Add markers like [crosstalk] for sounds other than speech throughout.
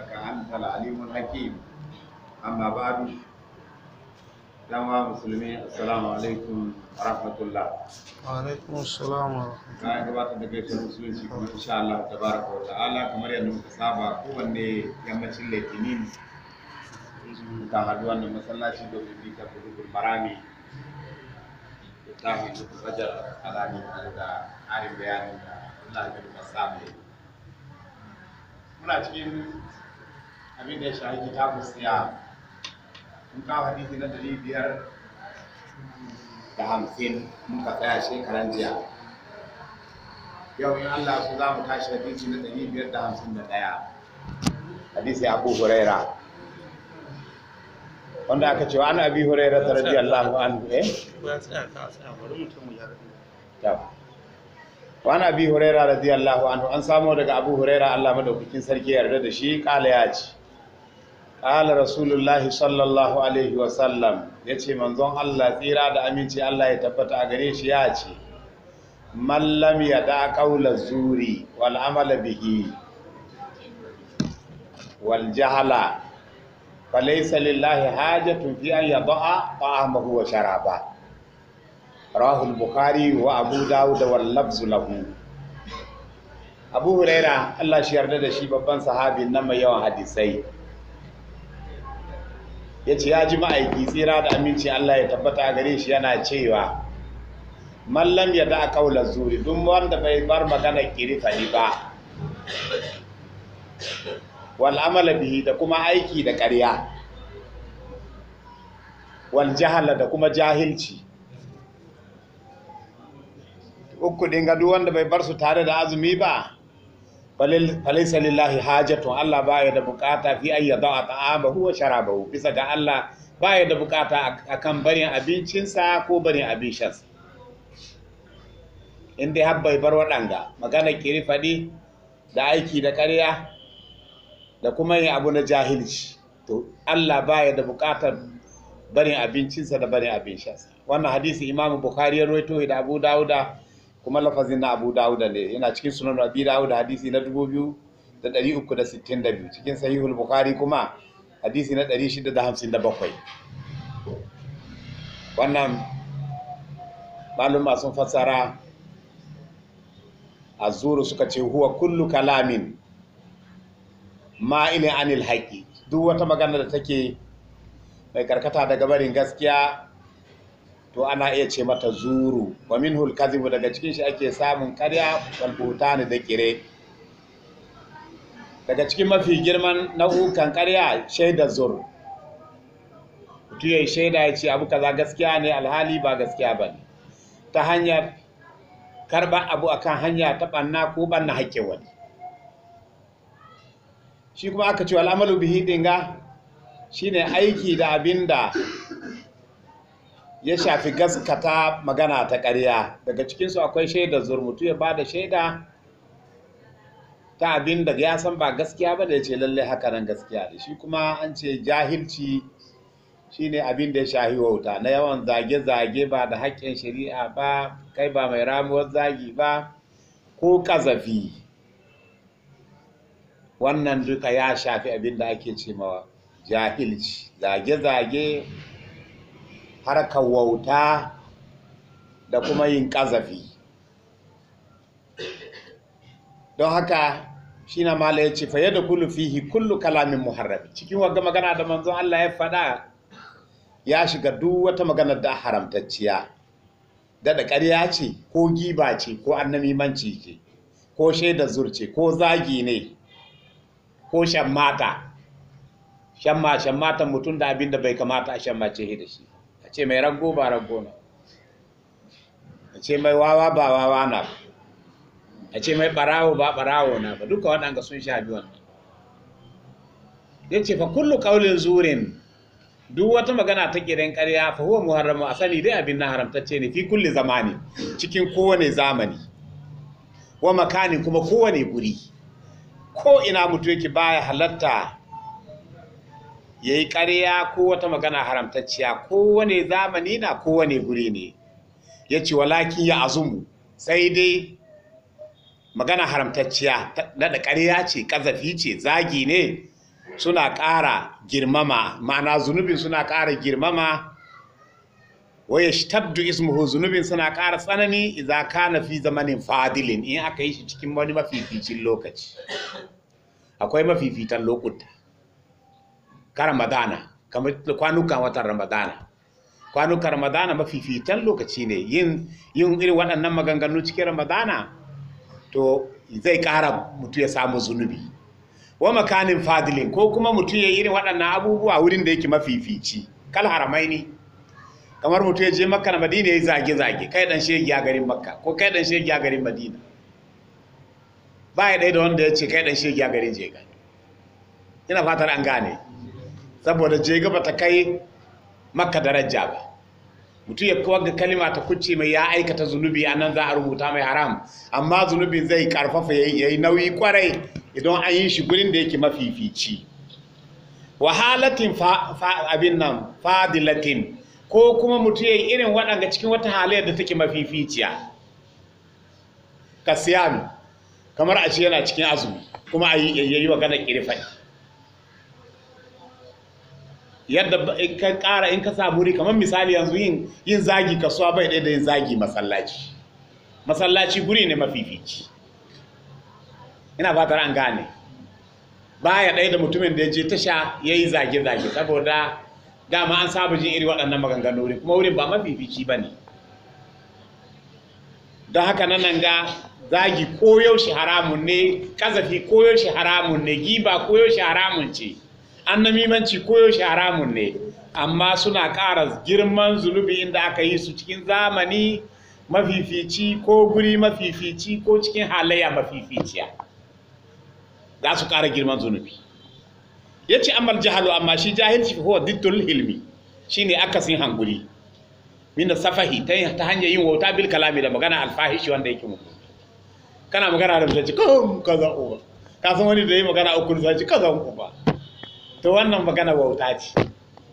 innaka antal alimul hakim amma ba'du dan musulmi assalamu alaikum rahmatullah wa alaikum assalam wa rahmatullah gabatar da gaisuwar musulunci kuma insha Allah tabaraka wa ta'ala kamar yadda muka saba kowanne yammacin litinin kan haɗu wannan masallaci domin bita kudubul marami littafin duk fajar alami da harin bayanin da Allah ya muna cikin abin da ya shahi kitabun siya mun kawo hadisi na dari biyar da hamsin muka tsaya shekaran jiya yau in Allah su za mu tashi hadisi na dari biyar da hamsin da ɗaya hadisi abu huraira wanda aka cewa ana abi huraira ta radiyallahu anhu eh wani abi huraira radiyallahu anhu an samo daga abu huraira Allah madaukakin sarki yarda da shi kala ya ce ƙala rasulullahi sallallahu alaihi wasallam ya ce manzon Allah tsira da aminci Allah ya tabbata a gare shi ya ce mallam ya da ƙaula zuri wal amala bihi wal jahala falaisa lillahi hajatun fi an yada'a ta'amahu wa sharaba rahu al-bukhari wa abu dawud wal lafzu lahu abu huraira Allah shi yarda da shi babban sahabi nan mai yawan hadisai ya ce ya ji ma'aiki tsira da aminci Allah ya tabbata gare shi yana cewa mallam ya da kaula zuri don wanda bai bar magana kirifa ni ba wal bihi da kuma aiki da ƙarya wal jahala da kuma jahilci uku dinga duk wanda bai bar su tare da azumi ba falisa lillahi hajatun Allah baya da bukata fi ayya ta'ama huwa sharaba sharabahu bisa ga Allah baya da bukata akan barin abincinsa ko barin abincinsa Inda dai har bai bar waɗanga magana kiri faɗi da aiki da ƙarya da kuma yin abu na jahilci to Allah baya da bukatar barin abincinsa da barin abincinsa wannan hadisi Imam Bukhari ya roito da Abu Dawuda kuma lafazin na Abu dawuda ne yana cikin sunan Abi dawuda hadisi na 2362 cikin sahihul Bukhari kuma hadisi na 657 wannan maluma sun fassara zuru suka ce huwa kullu kalamin ma ma'ilin anil haƙi duk wata magana da take mai karkata daga barin gaskiya to ana iya ce mata zuru wa min hulkazibu daga cikin shi ake samun karya walbuta ne da kire daga cikin mafi girman nau'ukan karya shaida zur mutum ya shaida ya ce abu kaza gaskiya ne alhali ba gaskiya ba ne ta hanyar karba abu akan hanya ta banna ko banna haƙe wani shi kuma aka ce al'amalu bihi dinga shine aiki da abinda ya shafi gaskata magana ta ƙarya daga cikinsu akwai shaida zurmutu ya ba da shaida ta abin da ya san ba gaskiya ba da ya ce lallai haka nan gaskiya Da shi kuma an ce jahilci shi ne abin da ya shahi wauta na yawan zage-zage ba da haƙƙin shari'a ba kai ba mai ramuwar zagi ba ko ƙazafi wannan duka ya shafi abin da ake ce ma jahilci zage-zage harkar wauta da kuma yin ƙazafi don haka shi na mala ya ce faye da kullu fihi kullu kalamin muharrabi cikin wagga magana da manzon Allah ya faɗa ya shiga duk wata magana da haramtacciya da da ƙarya ce ko giba ce ko annamimanci ce ko shaida zurce ko zagi ne ko shammata shamma shammata mutum da abin da bai kamata a shan shammace da shi ce mai rago ba rago ne a ce mai wawa ba wawa na ba a ce mai barawo ba barawo na ba duka waɗanda sun sha biyu wannan ya ce fa kullu ƙaunin zurin duk wata magana ta gidan ƙarya fa huwa muharramu a sani dai abin na haramtacce ne fi kulli zamani cikin kowane zamani wa makani kuma kowane guri ko ina mutu yake baya halatta ya yi ƙarya ko wata magana haramtacciya kowane zamani na kowane guri ne ya ce walakin ya azumu sai dai magana haramtacciya daɗa ƙarya ce ƙazafi ce zagi ne suna ƙara girmama ma'ana zunubin suna ƙara girmama shi tabdu ismuhu zunubin suna ƙara tsanani ka na fi zamanin fadilin in aka yi shi cikin wani mafificin lokaci akwai mafifitan lokuta ka ramadana kamar kwanukan watan ramadana kwanukan ramadana mafifitan lokaci ne yin yin irin waɗannan maganganu cikin ramadana to zai ƙara mutu ya samu zunubi wa makanin fadilin ko kuma mutu ya irin waɗannan abubuwa wurin da yake mafifici kal haramai ne. kamar mutu ya je makka na madina ya zage zage kai dan shegi a garin makka ko kai dan shegi a garin madina ba ya ɗaya da wanda ya ce kai dan shegi a garin jega ina fatar an gane saboda jega ba ta kai maka daraja ba mutum ya kawar ga kalima ta kuce mai ya aikata zunubi a nan za a rubuta mai haram amma zunubi zai karfafa ya yi nauyi kwarai idan an yi shi gurin da yake mafifici wahalatin abin nan fadilatin ko kuma mutum ya yi irin waɗanda cikin wata halayyar da take mafificiya kasiyami kamar a ce yana cikin azumi kuma a yi wa gana kirifai. yadda in ka ƙara in ka samu ri kamar misali yanzu yin yin zagi kasuwa bai ɗaya da yin zagi masallaci masallaci guri ne mafifici ina fatar an gane baya ɗaya da mutumin da ya je tasha ya yi zage-zage saboda dama an saba jin iri waɗannan maganganu ne kuma wurin ba mafifici ba ne don haka nan ga zagi koyaushe haramun ne ƙazafi koyaushe haramun ne giba koyaushe haramun ce annamimanci koyaushe haramun ne amma suna ƙara girman zunubi inda aka yi su cikin zamani mafifici ko guri mafifici ko cikin halayya mafificiya za su ƙara girman zunubi ya ce amal jihalu amma shi jahilci fi huwa diddul hilmi ne akasin hanguri min safahi ta hanyar yin wauta bil kalami da magana alfahishi wanda yake mutu kana magana da mutunci kan kaza uba ka san wani da yi magana uku da kaza uba to wannan magana wauta ce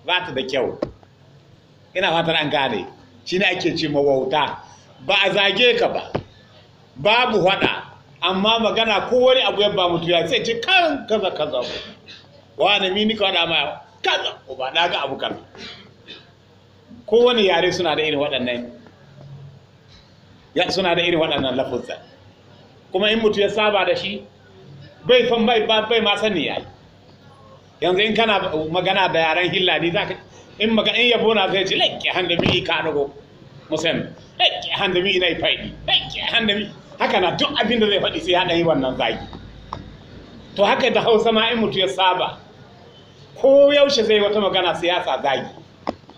ba ta da kyau ina fatar an gane shi ne ake ce ma wauta ba a zage ka ba babu hada amma magana ko wani abu ya ba mutu ya sai ce kan kaza kaza wani mini ka wada ma kaza ko ba na ga abu Ko wani yare suna da irin waɗannan ya suna da irin waɗannan lafuzza kuma in mutu ya saba da shi bai fan bai bai ma sani yayi yanzu in kana magana da yaren hillani za ka in magana in yabo na zai ce laƙi mi ka dago musamman laƙi mi na faɗi laƙi mi haka na duk abin da zai faɗi sai ya ɗan yi wannan zagi to haka da hausa ma in mutu ya saba ko yaushe zai wata magana siyasa zagi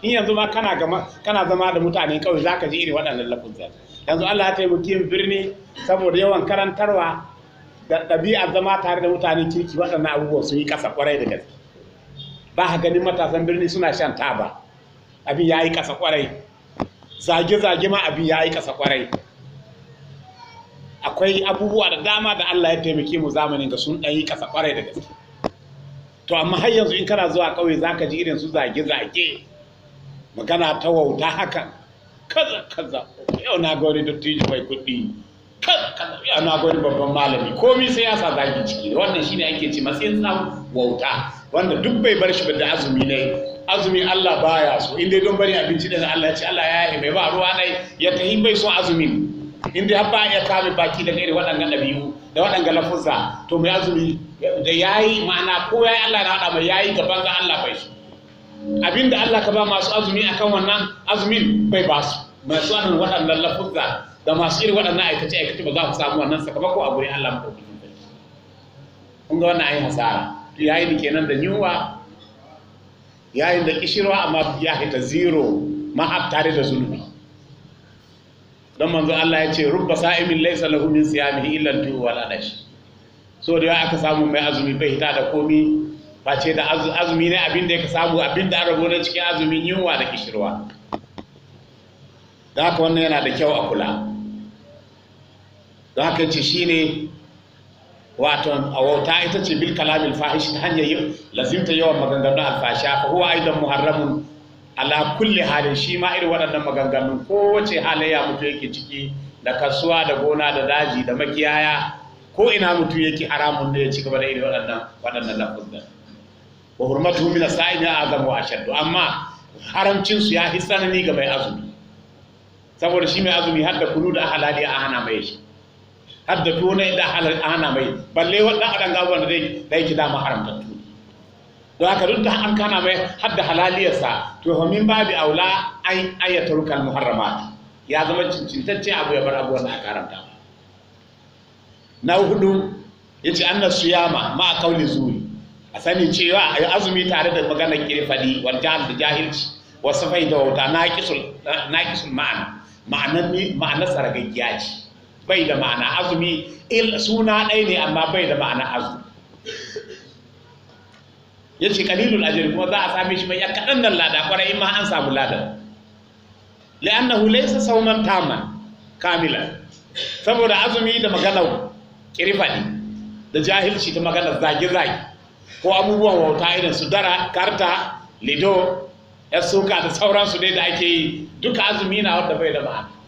in yanzu ma kana zama da mutane kawai za ka ji iri waɗannan lafuzan yanzu Allah ya taimake mu birni saboda yawan karantarwa da zama tare da mutane kirki waɗannan abubuwan sun yi ƙasa ƙwarai da gaske ba ka ganin matasan birni suna shan taba abin ya yi ƙasa ƙwarai zage-zage ma abin ya yi ƙasa ƙwarai akwai abubuwa da dama da Allah ya taimake mu zamanin ga sun ɗan yi ƙasa ƙwarai da gaske to amma har yanzu in kana zuwa ƙauye za ka ji irin su zage-zage magana ta wauta hakan kaza kaza yau na gauri wani dattijo kuɗi ana gwani babban malami komi sai ya sa zagi ciki wannan shine ake ce matsayin sa wauta wanda duk bai bar shi ba da azumi ne azumi Allah baya so in dai don bari abinci da Allah ya ce Allah ya yi mai ba ruwa nai ya tahi bai so azumi in dai ba ya kame baki daga irin waɗannan ɗabi'u da waɗannan lafuzza to mai azumi da yayi ma'ana ko yayi Allah na haɗa mai yayi gaban ga Allah bai so abinda Allah ka ba masu azumi akan wannan azumin bai ba su masu waɗannan lafuzza da masu irin waɗannan aikace aikace ba za su samu wannan sakamako a gurin Allah madaukakin sarki kun ga wannan ayi hasara yayin da kenan da yunwa yayin da ƙishirwa amma ya hita zero ma tare da zunubi don manzo Allah ya ce rubba sa'imin laysa lahu min siyamihi illa tu wala dashi so da aka samu mai azumi bai hita da komi face da azumi ne abin da ya samu abin da arabo na cikin azumin yunwa da kishirwa da haka wannan yana da kyau a kula don haka ce shine wato wauta ita ce bil kalamin fahish ta hanyar lazimta yawan maganganun alfasha fa huwa aidan muharramun ala kulli halin shi ma irin waɗannan maganganun kowace halayya mutu yake ciki da kasuwa da gona da daji da makiyaya ko ina mutu yake haramun da ya ci gaba da irin waɗannan waɗannan lafuzan wa hurmatu min sa'in ya azamu ashaddu amma haramcin su ya hi tsanani ga mai azumi saboda shi mai azumi har da kunu da halali a hana mai shi har da da halar ana mai balle wannan adan ga wanda dai dai ki dama haramta tu don haka duk da an kana mai har da halaliyarsa to min babu aula ai ayatul rukal muharramat ya zama cincintacce abu ya bar abu wanda aka haramta na hudu yace anna suyama ma kauli zuri a sani cewa a yi azumi tare da maganar kirfadi wal jahil da jahilci wasu fai da wauta naqisul naqisul ma'ana ma'anar ma'anar bai da ma'ana azumi il suna ɗaya ne amma bai da ma'ana azumi ya ce kalilul ajiyar kuma za a same shi mai ya kaɗan nan lada ƙwarar in ma an samu lada hulai laysa sauman taman kamila. saboda azumi da maganar kirfadi da jahilci ta maganar zage-zage ko abubuwan wauta irin su dara karta lido ya suka da sauransu dai da ake yi duka azumi na wanda bai da ma'ana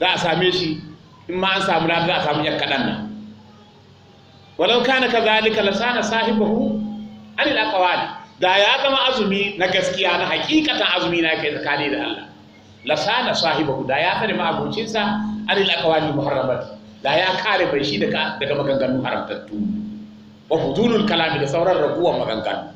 za a same shi in ma an samu rana za a samu yan kaɗan nan walau kana kazalika lasana sahibahu anil aqwali da ya zama azumi na gaskiya na hakikatan azumi na kai tsakani da Allah lasana sahibahu da ya sani ma'abocinsa anil aqwali muharramat da ya kare bai shi daga daga maganganun haramtattu wa fudulul kalami da sauran raguwar maganganu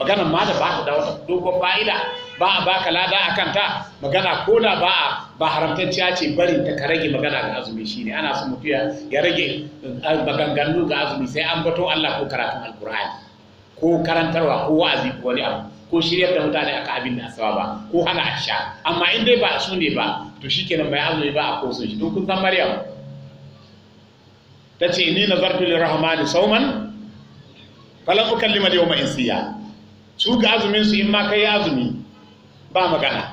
magana ma da ba ta da wata dogon fa'ida ba a baka lada a kanta magana ko da ba a ba haramtacciya ce bari ta ka rage magana ga azumi shine ana so mutu ya rage eh, maganganu ga azumi sai an bato Allah ko karatun alkur'ani ko karantarwa ko wa'azi ko wani abu ko shiryar da mutane aka abin da ba ko hana a sha amma in dai ba a ne ba to shikenan bai azumi ba a koso shi don kun san Maryam ta ce ni nazartu lirrahmani sauman falan ukallima yawma insiya su ga azumin su in ma kai azumi ba magana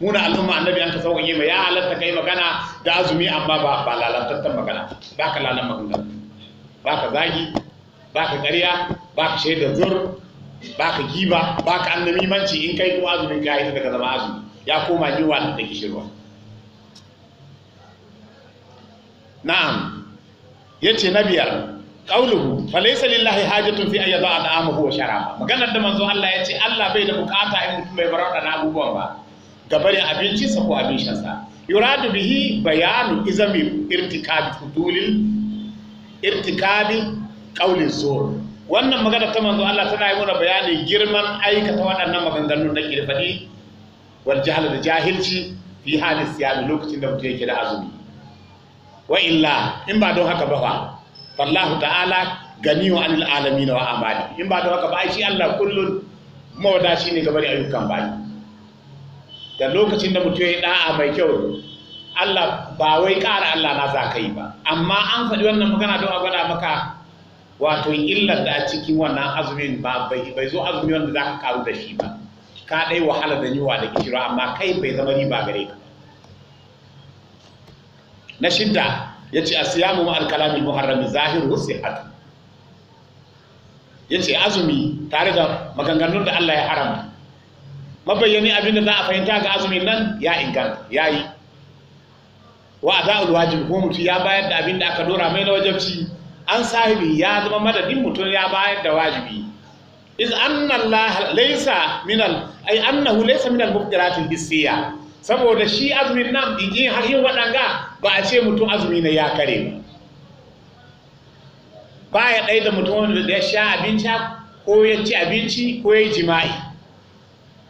muna al'umma annabi an ka sauƙaƙe ma ya halatta kai magana da azumi amma ba ba lalatattan magana ba ka lalan magana ba ka zagi ba ka ƙarya ba ka shaidar zur ba ka giba ba ka manci in kai kuma azumi ka yi daga zama azumi ya koma yiwa da take shirwa na'am yace na biyar qawluhu fa laysa lillahi hajatun fi an yada al'amahu wa sharaba maganar da manzo Allah ya ce Allah bai da bukata in mutum bai bar wadannan abubuwan ba gabarin abincinsa ko abin shansa yuradu bihi bayanu izami irtikabi fudulil irtikabi qawlin zuwa wannan magana ta manzo Allah tana yi mana bayanin girman aikata waɗannan maganganun na kirfadi wal jahl da jahilci fi halin siyami lokacin da mutum yake da azumi wa illa in ba don haka ba fa wallahu ta'ala wa anil alamin wa amali in ba da haka ba shi Allah kullun mawada shi ne gaba a ayyukan bayi da lokacin da mutum ya da'a mai kyau Allah ba wai ƙara Allah na za ka yi ba amma an faɗi wannan magana don a gwada maka wato illar da a cikin wannan azumin ba bai zo azumi wanda za ka karu da shi ba ka ɗai wahala da niwa da kishira amma kai bai zama riba gare ka na shidda Ya ce a asiyamu ma al-kalamil muharram zahiru Ya ce azumi tare da maganganun da Allah ya haram. mabayyani abin da za a fahimta ga azumi nan ya inganta ya yi wa aza'ul wajib ko mutum ya bayar da abin da aka dora mai na wajabci an sahibi ya zama madadin mutum ya bayar da wajibi iz anna Allah laysa min al ay annahu laysa min al mubtiratil hissiya saboda shi azumin nan in har yin waɗanga ba a ce mutum azumi na ya kare ba ba ya ɗaya da mutum wanda ya sha abinci ko ya ci abinci ko ya yi jima'i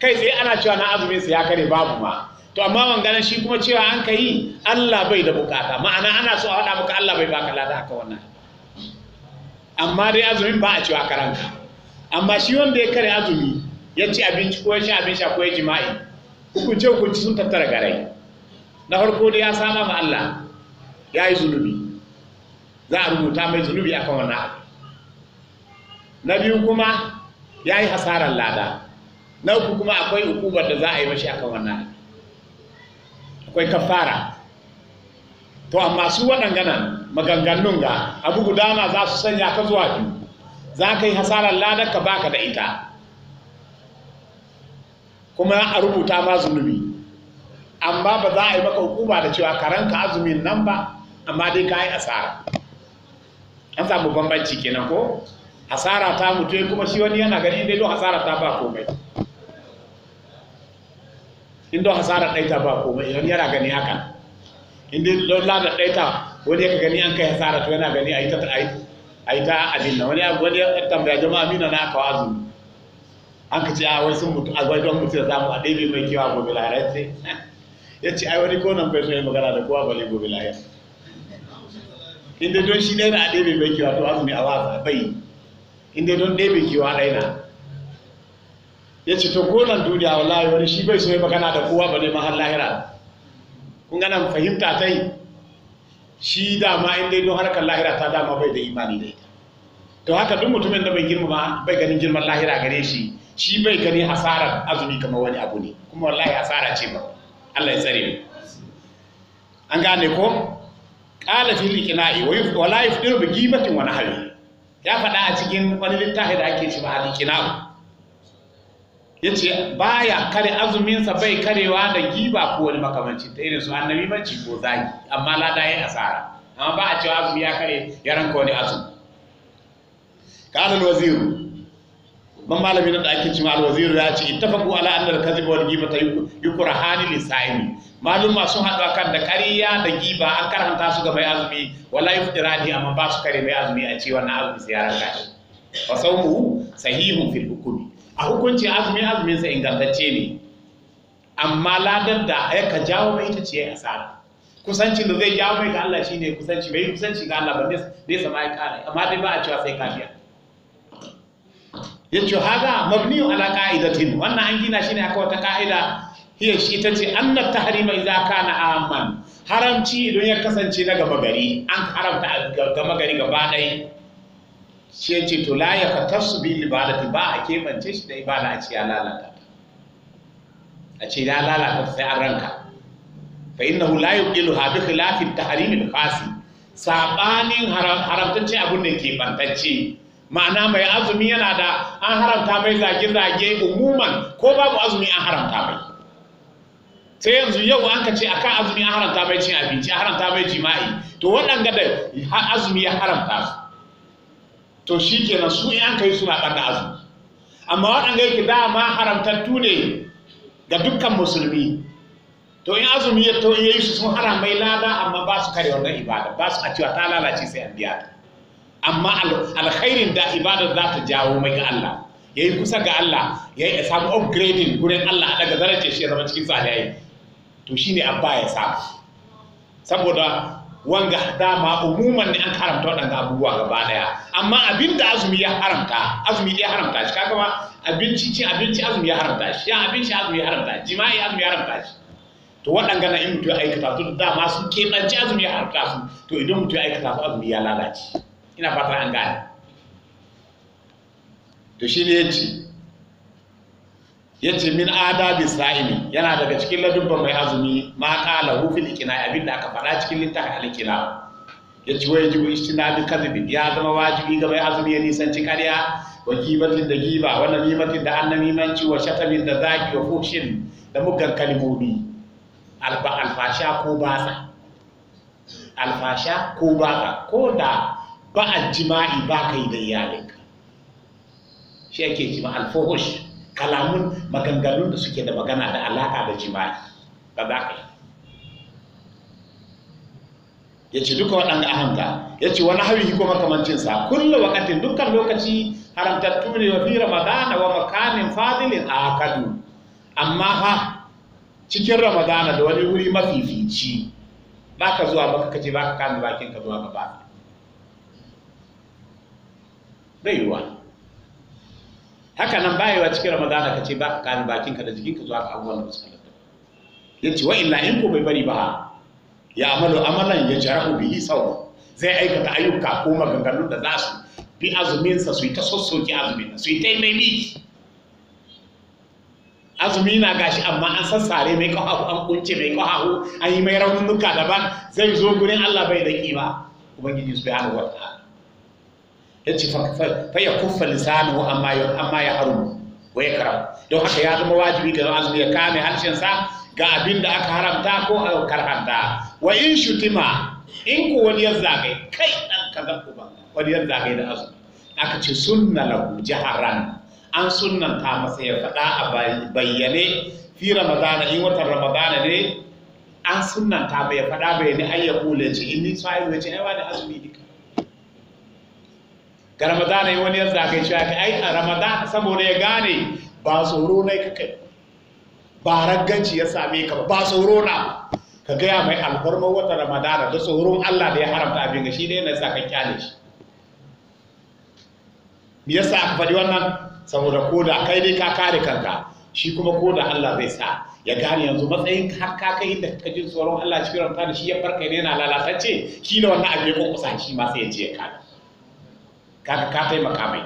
kai sai ana cewa na azumin sa ya kare babu ma to amma wanganan shi kuma cewa an ka yi Allah bai da bukata ma'ana ana so a haɗa maka Allah bai baka lada haka wannan amma dai azumin ba a cewa karanka amma shi wanda ya kare azumi ya ci abinci ko ya sha abinci ko ya jima'i hukunce ci sun tattara garai na farko da ya sama ma Allah ya yi zunubi za a rubuta mai zunubi akan wannan abu na biyu kuma ya yi hasarar lada na uku kuma akwai hukumar da za a yi mashi akan wannan abu akwai kafara to amma su waɗangana maganganun ga abu guda ma za su sanya ka zuwa biyu za ka yi hasarar lada ka baka da ita kuma a rubuta ma zunubi amma ba za a yi maka hukuma da cewa karanka azumin nan ba amma dai ka yi asara an samu bambanci kenan ko asara ta mutu kuma shi wani yana gani dai don asara ta ba komai in don hasara ɗaita ba komai idan yana gani haka in dai don lada ɗaita wani yaka gani an kai hasara to yana gani a yi ta abin nan wani abu wani tambaya jama'a mina na kawo azumi an ka ce a ah, wai sun mutu a gwajon mutu da zamu a ɗebe mai kewa gobe lahira ce [laughs] ya ce ai wani ko nan bai so yi magana da kowa bale gobe lahira [laughs] inda don shi ɗaya na a ɗebe mai kewa to azumi a wasa bai inda don ɗebe kewa ɗaya na ya ce to ko nan duniya wallahi wani shi bai so yi magana da kowa bale ma har lahira kun gana fahimta ta yi shi dama in dai don harkar lahira ta dama bai da imani da ita to haka duk mutumin da bai girma bai ganin girman lahira gare shi shi bai gani asarar azumi kamar wani abu ne kuma wallahi asara ce ba Allah ya tsare mu an gane ko qala fil ikna'i wa wala yufdiru bi gibatin wa nahwi ya faɗa a cikin wani littafi da ake shi ba al Ya yace baya kare azumin sa bai karewa da giba ko wani makamanci ta irin su annabi manci ko zagi amma lada yayin asara amma ba a cewa azumi ya kare ya ranka wani azumi qala al waziru man malami da ake cewa alwaziru ya ce ittafaqu ala anna al-kadhiba wal ghibata yukrahani lisaimi ma sun haɗu kan da kariya da giba an karanta su ga mai azumi wala yuftirani amma ba su kare mai azumi a ce wannan azumi ziyarar kashi wa sawmu sahihun fil hukumi a hukunci azumi azumin sai ingantacce ne amma ladar da ya ka jawo mai ita ce asara kusancin da zai jawo mai ga Allah shine kusanci bai kusanci ga Allah ba ne sama ya kare amma dai ba a cewa sai kafiya yace haga mabniyu ala qa'idatin wannan an gina shi ne aka wata ka'ida hiya shi tace ce anna tahrima idza kana amman haramci idan ya kasance na gaba gari an haramta gaba gari gaba dai shi yace to la yaqtasu bil ibadati ba a kemance shi da ibada a ce ya lalata a ce ya lalata sai an ranka fa innahu la yuqiluha bi khilafi at al-khasi sabanin haramtacce abun da ke bantacce ma'ana mai azumi yana da an haramta mai zage-zage umuman ko babu azumi an haramta mai sai yanzu yau an ka ce a kan azumi an haramta mai cin abinci an haramta mai jima'i to waɗanga da azumi ya haramta su to shi kenan su in an kai suna ɓanda azumi amma waɗanga yake dama haramtattu ne ga dukkan musulmi to in azumi ya to yi su sun haramai lada amma ba su kare wannan ibada ba su a cewa ta lalace sai an biya ta amma alkhairin da ibadar za ta jawo mai ga Allah ya yi kusa ga Allah ya yi samu upgrading gurin Allah a daga zarace shi ya zama cikin tsaliyayi to shi ne abba ya sa saboda wanga dama umuman ne an haramta waɗanda abubuwa gaba ɗaya amma abin da azumi ya haramta azumi ya haramta shi kaga ma abinci cin abinci azumi ya haramta shi abin abinci azumi ya haramta jima'i azumi ya haramta shi to waɗanga na in mutum ya aikata su, dama masu keɓance azumi ya haramta su to idan mutum ya aikata su azumi ya lalace ina fata an gane to shi ne yace yace min adabi sa'imi yana daga cikin ladubban mai azumi ma qala hu fil iqna'i abin da aka faɗa cikin littafin al-iqna yace wai jibu istinabi kadhibi ya zama wajibi ga mai azumi ya nisanci ƙarya wa gibatin da giba wa namimatin da annamimanci wa shatamin da zaki wa fushin da muggan kalmomi alfasha ko ba alfasha ko ba ko da a jima'i ba kai da iyalinka shi ake jima alfahush kalamun maganganun da suke da magana da alaka da jima'i ba za ka yi ya ce duka waɗanda ahanga ya ce wani hawi ko makamancinsa kullum wakatin dukkan lokaci haramtattu ne wa fi ramadana wa makamin fadilin a kadu amma ha cikin ramadana da wani wuri mafifici ba ka zuwa ka kace ba ka kame bakin ka zuwa ka ba baiwa yiwa haka nan bayewa cikin ramadana ka ce ba ka bakin ka da jikinka zuwa ga abubuwan da ba su yace wa illa in ko bai bari ba ya amalu amalan ya jarahu bihi sauro zai aikata ayyuka ko maganganun da za su bi azuminsa su yi ta ki azumin su yi ta mai miki azumi na gashi amma an sassare mai kahahu an kunce mai kahahu an yi mai duka daban zai zo gurin Allah bai da kiba ubangiji subhanahu wa yace fa ya kuffa lisanu amma ya amma ya haru. wa ya karam don haka ya zama wajibi ga azumi ya kame harshen sa ga abin da aka haramta ko a karhanta wa in shutima in ku wani ya zagaye kai dan kaza ku ba wani ya zagaye da azumi aka ce sunna lahu jaharan an sunnanta masa ya faɗa a bayyane fi ramadana in watan ramadana ne an sunnanta bai faɗa bai ne ai ya kula ce in ni sai ya ce ai wani azumi dika ga ramadana yi wani yarda kai cewa ai a ramadana saboda ya gane ba tsoro na ka kai ba ragganci ya same ka ba tsoro na ka gaya mai alfarmar wata ramadana da tsoron allah da ya haramta abin ga shi ne na sa ka kyale shi me yasa aka faɗi wannan saboda ko kai dai ka kare kanka shi kuma ko allah zai sa ya gane yanzu matsayin har ka kai inda ka tsoron allah cikin ramta da shi ya farka ne na lalatacce shi ne wannan abin ya kusa shi ma sai ya je ya kare Kaka ka taimaka mai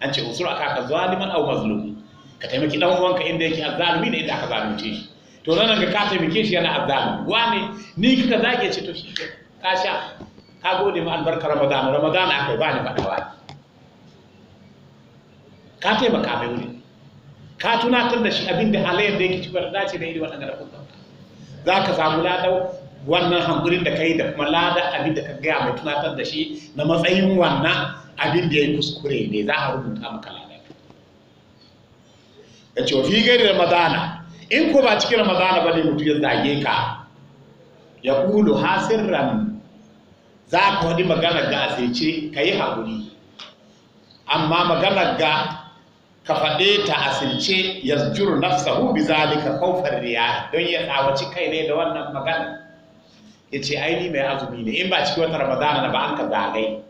an ce usura ka zaliman au mazlum ka taimaki dan uwanka inda yake azzalumi ne inda aka zalunce shi to nan ga ka taimake shi yana azzalumi wani ni kika zage ce to shi ka sha ka gode ma albarka ramadan ramadan akai ba ni fadawa ka taimaka mai wuri ka tunatar da shi abin da halayyar da yake cikin dace da iri waɗanda kuma za ka samu ladau wannan hankulin da ka yi da kuma lada abin da ka gaya mai tunatar da shi na matsayin wannan abin da ya yi kuskure ne za a rubuta maka ladan ya ce wa fi ramadana in ko ba cikin ramadana ba ne mutu ya zage ka ya kulu hasirran za ka wani magana ga asirce ka yi haƙuri amma magana ga ka faɗe ta asirce ya juru sahu bi zalika kaufar riya don ya tsawaci kai ne da wannan magana ya ce aini mai azumi ne in ba cikin wata ramadana na ba an ka zagai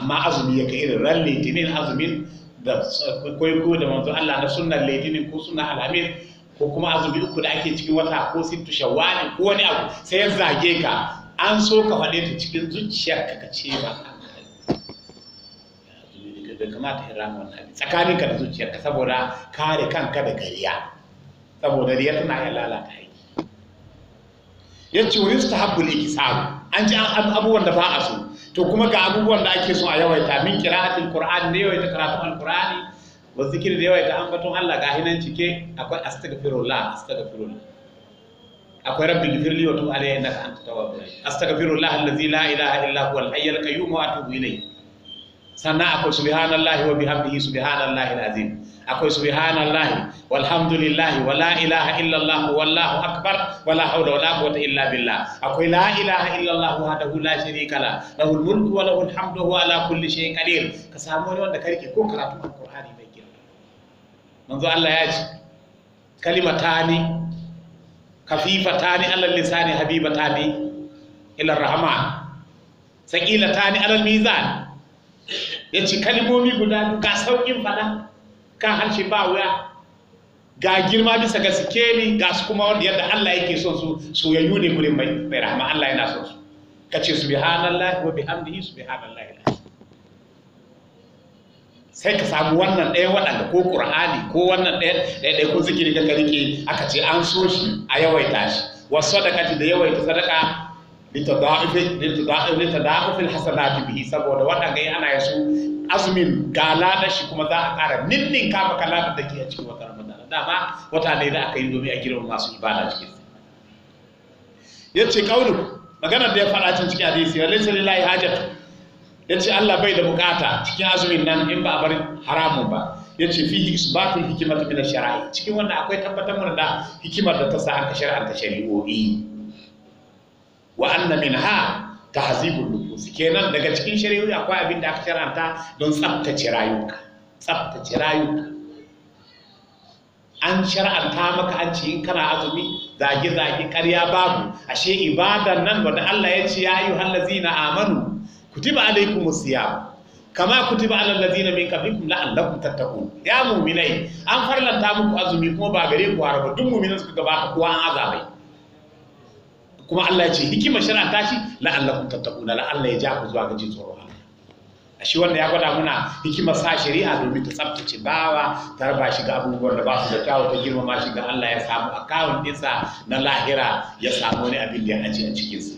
amma azumi ya kai irin ran litinin azumin da kwaiko da manzo Allah na sunnan litinin ko sunnar alamin ko kuma azumi uku da ake cikin wata ko sittu shawwali ko wani abu sai ya zage ka an so ka faɗe ta cikin zuciyarka ka ce ba bai kamata in rama wannan abin ka da zuciyarka saboda kare kanka da gariya saboda riya tana ya lalata aiki ya ce wani su ta habbul ikisaru an ji abubuwan da ba a so to kuma ga abubuwan da ake so a yawaita min qira'atil qur'an ne yawaita karatun alqur'ani wa zikir da yawaita ambaton Allah ga hinan cike akwai astaghfirullah astaghfirullah akwai rabbi gifirli wa tub alayya innaka anta tawwabur rahim astaghfirullah allazi la ilaha illa huwa al-hayyul qayyum wa atubu ilayh sannan akwai subhanallahi wa bihamdihi subhanallahi al akwai subhanallah walhamdulillah wala ilaha illallah wallahu akbar wala hawla wala quwwata illa billah akwai la ilaha illallah wahdahu la sharika la lahul mulku wa lahul hamdu wa ala kulli shay'in qadir ka samu wani wanda karke ko karatu alqur'ani mai girma manzo Allah ya ce kalimatani kafifatani alal lisani habibatani ila rahman saqilatani alal mizan yace kalimomi guda ga saukin fada kan harshe ba wuya ga girma bisa ga sikeli ga su kuma wanda yadda Allah yake son su soyayyu ne gurin mai mai rahama Allah yana son su Ka kace subhanallahi wa bihamdihi subhanallahi sai ka samu wannan ɗaya waɗanda ko ƙur'ani ko wannan ɗaya ɗaya ko zikiri ka rike aka ce an so shi a yawaita shi wasu sadaka da yawaita sadaka litada'ifi alhasanati bihi saboda waɗanda yi ana yasu azumin ga lada shi kuma za a ƙara ninnin ka maka ladar da ke a cikin wata ramadana dama wata ne da aka yi domin a girma masu ibada cikin ya ce kaulu maganar da ya faɗa cin cikin hadisi wa laysa lillahi hajatu ya ce Allah bai da bukata cikin azumin nan in ba a bar haramun ba ya ce fi isbatul hikimatu min shari'a cikin wannan akwai tabbatar mana da hikimar da ta sa aka ta shari'o'i wa anna minha tahzibul nufus kenan daga cikin shari'o'i akwai abin da aka shar'anta don tsaftace rayuka tsaftace rayuka an shar'anta maka an ce in kana azumi zage zage karya babu ashe ibadan nan wanda Allah ya ce ya ayyuhal ladzina amanu kutiba alaikumus siyam kama kutiba alal ladina min qablikum la'allakum tattaqun ya mu'minai an farlanta muku azumi kuma ba gare ku haraba duk mu'minan suka gabata kuwa an azabai kuma Allah ya ce tashi shari'a Allah shi la'allakum na Allah ya ja ku zuwa gajin tsoro a shi wanda ya gwada muna hikima sa shari'a domin ta tsabtace bawa ta raba shi ga abubuwan da ba su da kyawu ta girmama shi ga Allah ya samu akawun ɗinsa na lahira ya samu wani abin da ya ajiye a cikinsa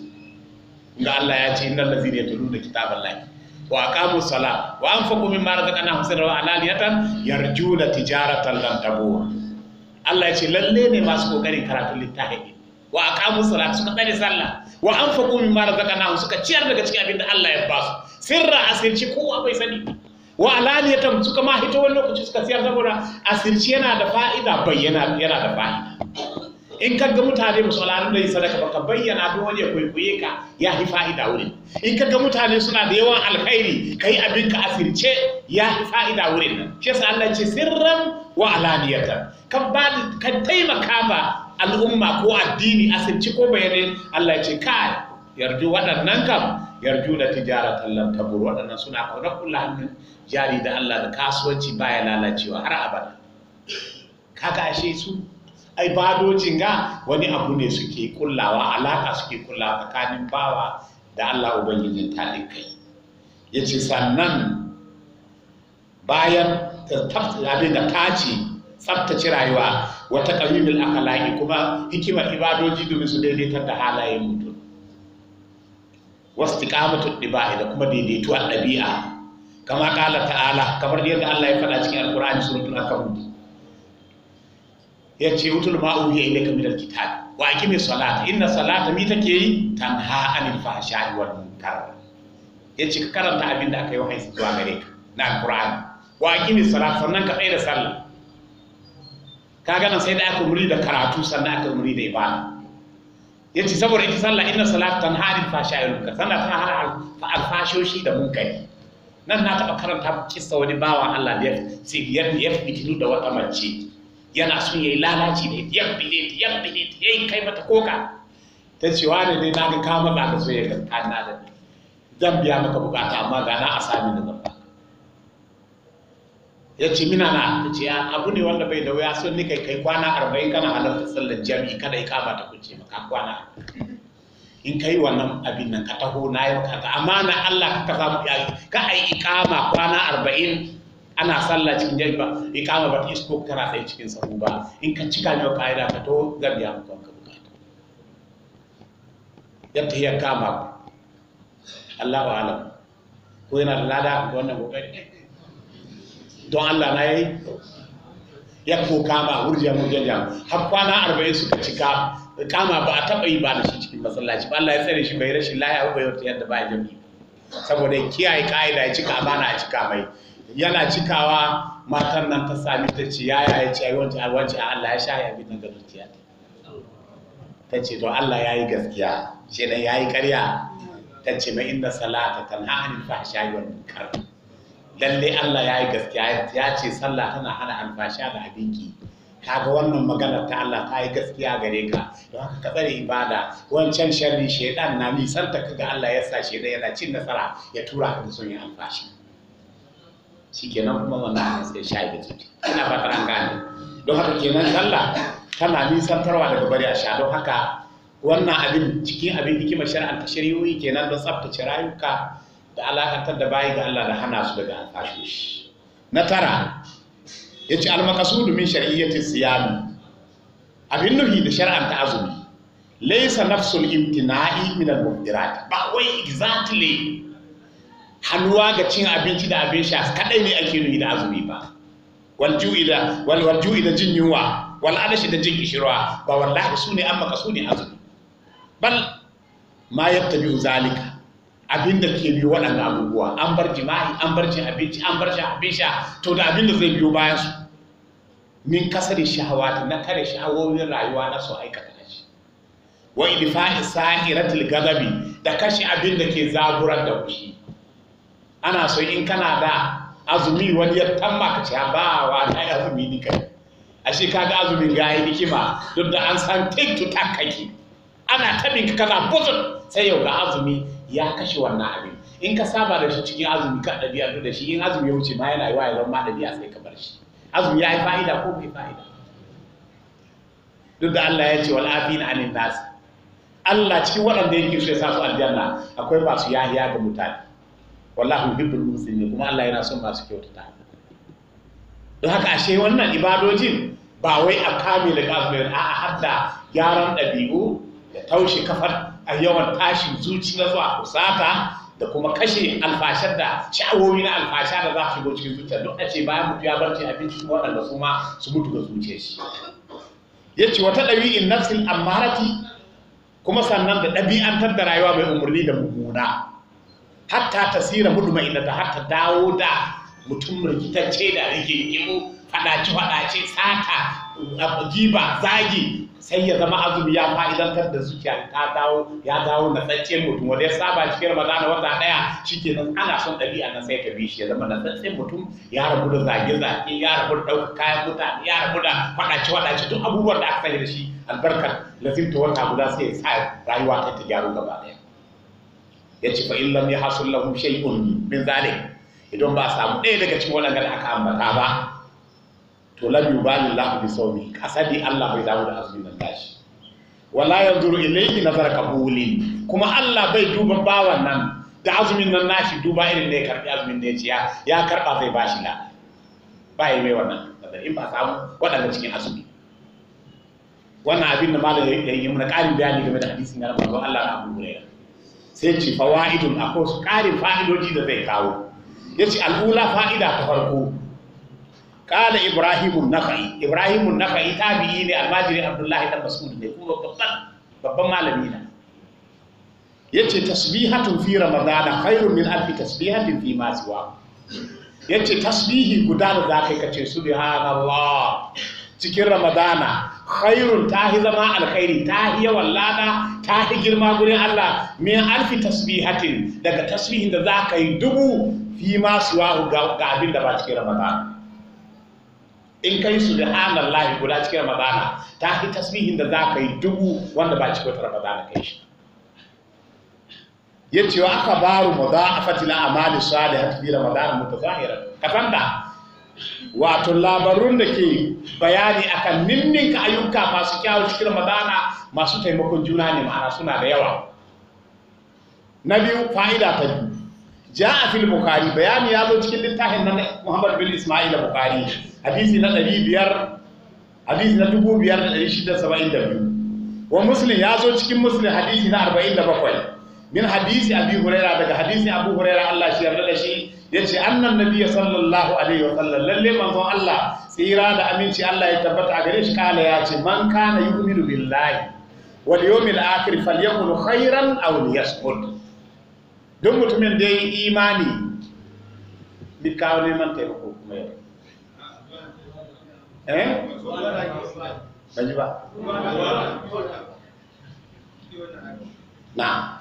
da Allah ya ce innal ladzina yatluna kitaballahi wa aqamu sala wa anfaqu mimma razaqnahum sirran wa alaniyatan yarjuna tijaratan lan tabur Allah ya ce lalle ne masu kokarin karatun littafi wa aqamu salat suka tsare sallah wa anfaqu mimma razaqnahum suka ciyar daga cikin abin da Allah ya ba su sirra asirci kowa bai sani wa alaniyatan suka ma hito wani lokaci suka siyar saboda asirci yana da fa'ida bayyana yana da fa'ida in ka ga mutane musu al'adun da yi sadaka baka bayyana don wani ya kwaikwaye ka ya fi fa'ida wurin in ka ga mutane suna da yawan alkhairi kai abin ka asirce ya fi fa'ida wurin nan shi yasa Allah ce sirran wa alaniyatan ka taimaka ba al'umma ko addini asirci ko bayanai Allah ya ce kai yarju waɗannan kam yarju na tijara tallan tabur waɗannan suna kaunar kula hannun jari da Allah da kasuwanci baya lalacewa har abada kaga ashe su ai badojin ga wani abu ne suke kullawa alaka suke kullawa tsakanin bawa da Allah ubangijin talin kai yace sannan bayan abin da kaci tsabtace rayuwa wata ƙawimil akhlaqi kuma hikimar ibadoji domin su daidaitar da halayen mutum wasu tiƙamatun ɗiba'i da kuma a ɗabi'a kama ƙala ta'ala kamar yadda Allah ya faɗa cikin alƙur'ani suratul ankabut ya ce wutul ma'u ya yi laifin minal kitab wa aqimi salata inna salata mi take yi tanha anil fahsha'i wal munkar ya ce ka karanta abin da aka yi wahayi zuwa gare ka na alƙur'ani wa aqimi salata sannan ka tsaya da sallah kaga nan sai da aka muri da karatu sannan aka muri da ibada yace saboda ita sallah inna salat tanha anil fasha'il munkar ta tana al fashoshi da munkari nan na taba karanta kissa wani bawa Allah da ya fitinu da wata mace yana son yayi lalaci ne ya bile ya bile yayi kai mata koka ta ce wani ne na ga kama ba ka so ya ga na da zan biya maka bukata amma ga na asami da zamba ya ce mina na ta ce abu ne wanda bai da wuya sun ni kai kai kwana arba'in kana halarta sallar jami'i kada ya kama ta kunce maka kwana in kai wannan abin nan ka taho na yi ka amana Allah ka mu yayi ka ai ikama kwana arba'in ana sallah cikin jami'i ba ikama ba ta isko kara sai cikin sahu ba in ka cika ne ka'ida ka to zan biya maka wanka bukata yadda ya kama Allah wa alam ko yana da lada wannan kokari don Allah na yi ya ba kama wurje wurjan jam har kwana arba'in suka cika kama ba a taba yi ba da shi cikin masallaci ba Allah ya tsare shi bai rashin lahiya ba yau yadda ba jami'i saboda kiyaye ka'ida ya cika amana a cika mai yana cikawa matan nan ta sami ta ce yaya ya ce wancan a wancan Allah ya sha ya bi nan ga dukiya ta ce to Allah ya yi gaskiya shi ya yi karya ta ce mai inda salata tanha anil fahsha'i wal munkar lalle Allah ya yi gaskiya ya ce sallah tana hana alfasha da abinki kaga wannan maganar ta Allah ta yi gaskiya gare ka don haka ka tsare ibada wancan sharri shaidan na ka kaga Allah ya sa shaidan yana cin nasara ya tura ka da son yin alfashi shikenan kuma wannan sai sha biki ina ba an gane don haka kenan sallah tana nisantarwa daga bari a sha don haka wannan abin cikin abin hikimar shari'ar ta shari'o'i kenan don tsaftace rayuka da alakantar da bayi ga Allah da hana su daga kashe shi na tara ya ce maqsudu min shar'iyyati siyami abin nuhi da shar'an ta azumi laysa nafsul imtina'i min al-muftirat ba wai exactly hannuwa ga cin abinci da abin sha kadai ne ake nuhi da azumi ba wal ju'i da wal wal ju'i da jin yunwa wal da jin kishirwa ba wallahi su ne amma kasu ne azumi bal ma yattabi'u zalika abin da ke biyo waɗanda abubuwa an bar jima'i an bar cin abinci an bar abin sha to da abin da zai biyo bayan su min kasar ta na kare shahawowin rayuwa na su aikata shi wa idfa'i sa'iratil gadabi da kashe abin da ke zaburar da kushi ana so in kana da azumi wani ya tamma ka ce ba wa ta azumi ni kai ashe kaga azumin gayi nikima duk da an san take to takaki ana tabin kana buzun sai yau ga azumi ya kashe wannan abin in ka saba da shi cikin azumi ka ɗabi'atu da shi in azumi ya wuce ma yana wa ya zama ɗabi a sai ka bar shi azumi ya yi fa'ida ko bai fa'ida duk da Allah ya ce wal afina anin nas Allah cikin waɗanda yake so ya sa su aljanna akwai masu yahiya ga mutane wallahu yuhibbul muslimin kuma Allah yana son masu kyautata don haka ashe wannan ibadojin ba wai a kame da azumin a'a hadda gyaran ɗabi'u da taushe kafar a yawan tashin zuci na zuwa kusata da kuma kashe alfashar da sha'awowi na alfasha da za su shigo cikin zuciya duk a ce bayan mutu ya barci abinci su waɗanda su su mutu ga zuci shi ya ce wata ɗabi'in nafsin ammarati kuma sannan da ɗabi'antar da rayuwa mai umarni da mummuna hatta ta tasira mai inda ta hatta dawo da mutum rikitacce da rike faɗace faɗace sata giba zagi sai ya zama azumi ya fa'idantar da zuciya ta dawo ya dawo na tsantsen mutum wanda ya saba cikin ramadana wata daya nan ana son ɗabi'a na sai ka bishi ya zama na tsantsen mutum ya rabu da zage-zage ya rabu da kayan mutane ya rabu da faɗace-faɗace duk abubuwan da aka sani da shi albarkar lazimta wata guda sai ya sa rayuwa ta ta gyaru gaba daya ya ce fa in lam yahsul lahum shay'un min zalik idan ba a samu ɗaya daga cikin waɗanda aka ambata ba to lam yubali lahu bi sawmi sadi Allah bai damu da azumin nan tashi wala yanzuru ilayhi nazara qabulin kuma Allah bai duba bawan nan da azumin nan nashi duba irin ne karbi azumin ne ciya ya karba zai bashi la ba yi mai wannan in ba samu waɗanda cikin azumi wannan abin da malam ya yi mana ƙarin bayani game da hadisin na manzo Allah na Abu Hurairah sai ce fawaidun akwai su ƙarin fa'idoji da zai kawo yace al'ula fa'ida ta farko kala ibrahimun nakhai ibrahimun nakhai tabi'i ne almajiri abdullahi dan mas'ud ne kuma babban babban malami ne yace tasbihatun fi ramadana khairun min alfi tasbihatin fi ma siwa yace tasbihi guda da zakai kace subhanallah cikin ramadana khairun tahi zama alkhairi tahi yawan ta tahi girma gurin Allah min alfi tasbihatin daga tasbihin da zaka yi dubu fi ma siwa ga abin da ba cikin ramadana in kai lahi guda cikin ramadana ta fi tasbihin da za ka yi dubu wanda ba cikin wata ramadana kai shi ya ce wa aka ba mu za a fatila da hatu fi ramadana mutazahira ka san wato labarun da ke bayani akan ninninka ayyuka masu kyawun cikin ramadana masu taimakon juna ne ma'ana suna da yawa na biyu fa'ida ta biyu ja'a fil bukhari bayani ya zo cikin littafin nan muhammad bin isma'il bukhari hadisi na 500 hadisi na 2672 wa muslim ya zo cikin muslim hadisi na 47 min hadisi abi huraira daga hadisi abu huraira Allah shi yarda da shi yace annan nabiyyi sallallahu alaihi wa sallam lalle manzon Allah tsira da aminci Allah ya tabbata a gare shi kala ya ce man kana yu'minu billahi wal yawmil akhir falyakun khairan aw liyasmut don mutumin da yi imani duk kawo neman taimako kuma yau eh ji ba na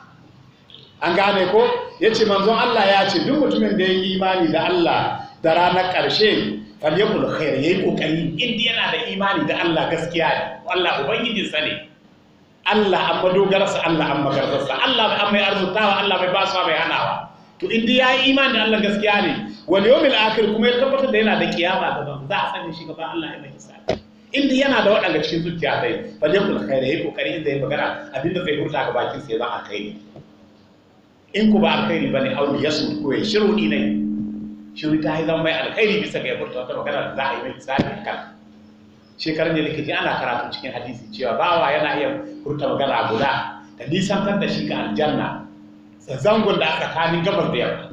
an gane ko ya ce manzon Allah ya ce duk mutumin da ya yi imani da Allah da ranar ƙarshe falyakul khair ya yi inda yana da imani da Allah gaskiya ne Allah ubangijinsa ne Allah an madogararsa Allah an magarzarsa Allah an mai arzutawa Allah mai basuwa mai hanawa to in ya yi imani da Allah gaskiya ne wal yawmil akhir kuma ya tabbatar da yana da kiyama ban za a sani shi gaba Allah ya mai hisabi in yana da waɗanda cikin zuciya dai fa dai kul khairi yayi kokari inda yayi magana abinda zai hurta ga bakin sa ya kai alkhairi in ku ba alkhairi bane aure ya ko koyi shiru ne shiru ta yi zama mai alkhairi bisa ga ya furta wata magana za a yi mai hisabi kan shekarar da likiti ana karatu cikin hadisi cewa bawa yana iya furta magana guda da nisantar da shi ga aljanna zangon da aka tsakanin gabar da yamma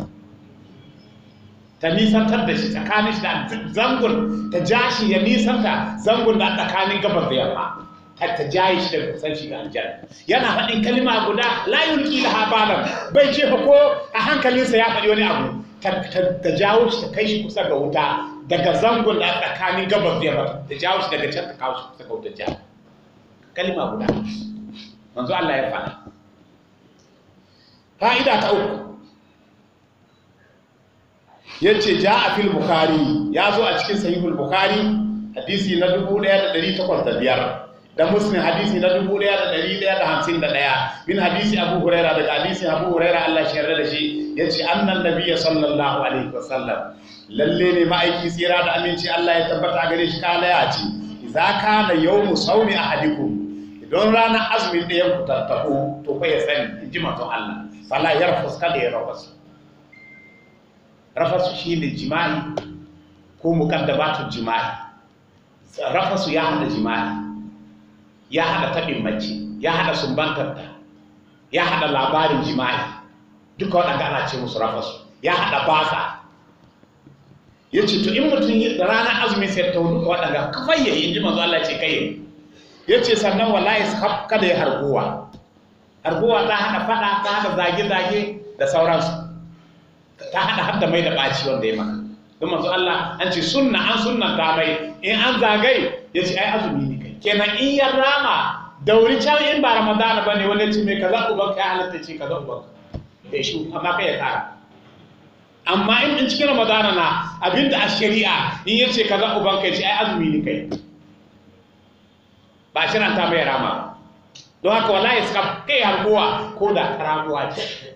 ta nisantar da shi tsakanin shi da zangon ta ja shi ya nisanta zangon da tsakanin gabar da yamma har ta jaye shi da kusan shi ga aljanna yana faɗin kalima guda la ila laha bai jefa ko a hankalinsa ya faɗi wani abu ta jawo shi ta kai shi kusa ga wuta daga zangon da tsakanin gabas da yamma da jawo shi daga can ta kawo shi ta kawo da jawo kalma guda manzo Allah ya faɗa fa'ida ta uku yace ja'a fil bukhari ya zo a cikin sahihul bukhari hadisi na 1805 da muslim hadisi na dubu daya da dari daya da hamsin da daya min hadisi abu huraira daga hadisi abu huraira allah shi yarda da shi ya ce annan nabiya sallallahu alaihi wasallam lalle ne ma'aiki tsira da aminci allah ya tabbata gare shi kala ya ce yau mu sauni a hadiku idan rana azumin da ya tattaho to ko ya sani in ji mato allah fala yarfus da ya rafasu rafasu ne jima'i ko muqaddabatul jima'i rafasu ya hada jima'i ya haɗa taɓin mace ya haɗa sumbantarta ya haɗa labarin jima'i duka waɗanda ana ce musu rafasu ya haɗa basa ya ce to in mutum da ranar azumin sai ta duka waɗanda kafai ya yi jima zuwa manzo kai ya ce sannan wallahi kada ya harguwa harguwa ta haɗa faɗa ta haɗa zage-zage da sauransu ta haɗa hadda mai da ɓaci wanda ya maka don manzo Allah an ce sunna an sunna ta mai in an zagaye ya ce ai azumi ne kenan in ya rama da wuri can in ba ramadana ba ne wanda cime ka kaza ba kai halatta ce kaza ba ya eh, shi amma kai ya tara, amma in in cikin ramadana na abinda a shari'a in yace ce kaza ba kai ce ai azumi ne kai ba shi ta mai rama don haka wala ya kai harbuwa ko da ta ramuwa ce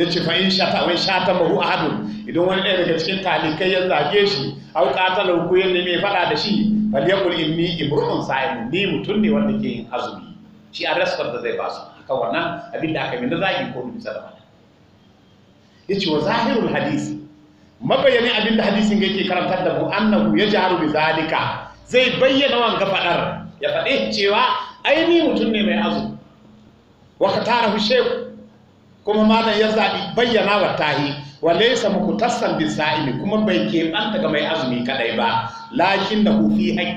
ya ce fa in shata wai shata mahu ahadun idan wani ɗaya daga cikin talikai ya zage shi au qatala ko ya nemi faɗa da shi fal yaqul inni imru'un sa'im ni mutum ne wanda ke yin azumi shi a rasfar da zai basu haka wannan abin da aka yi da zagi ko bisa da ya ce wa zahirul hadisi mabayanin abin da hadisin yake karantar da mu annahu ya jarumi bi zalika zai bayyana wanga fadar ya faɗi cewa ai ni mutum ne mai azumi wa ka tara sheku kuma malam ya zaɓi bayyana wa tahi wa laysa mukutassan bi sa'imi kuma bai ke keɓanta ga mai azumi kaɗai ba lakin da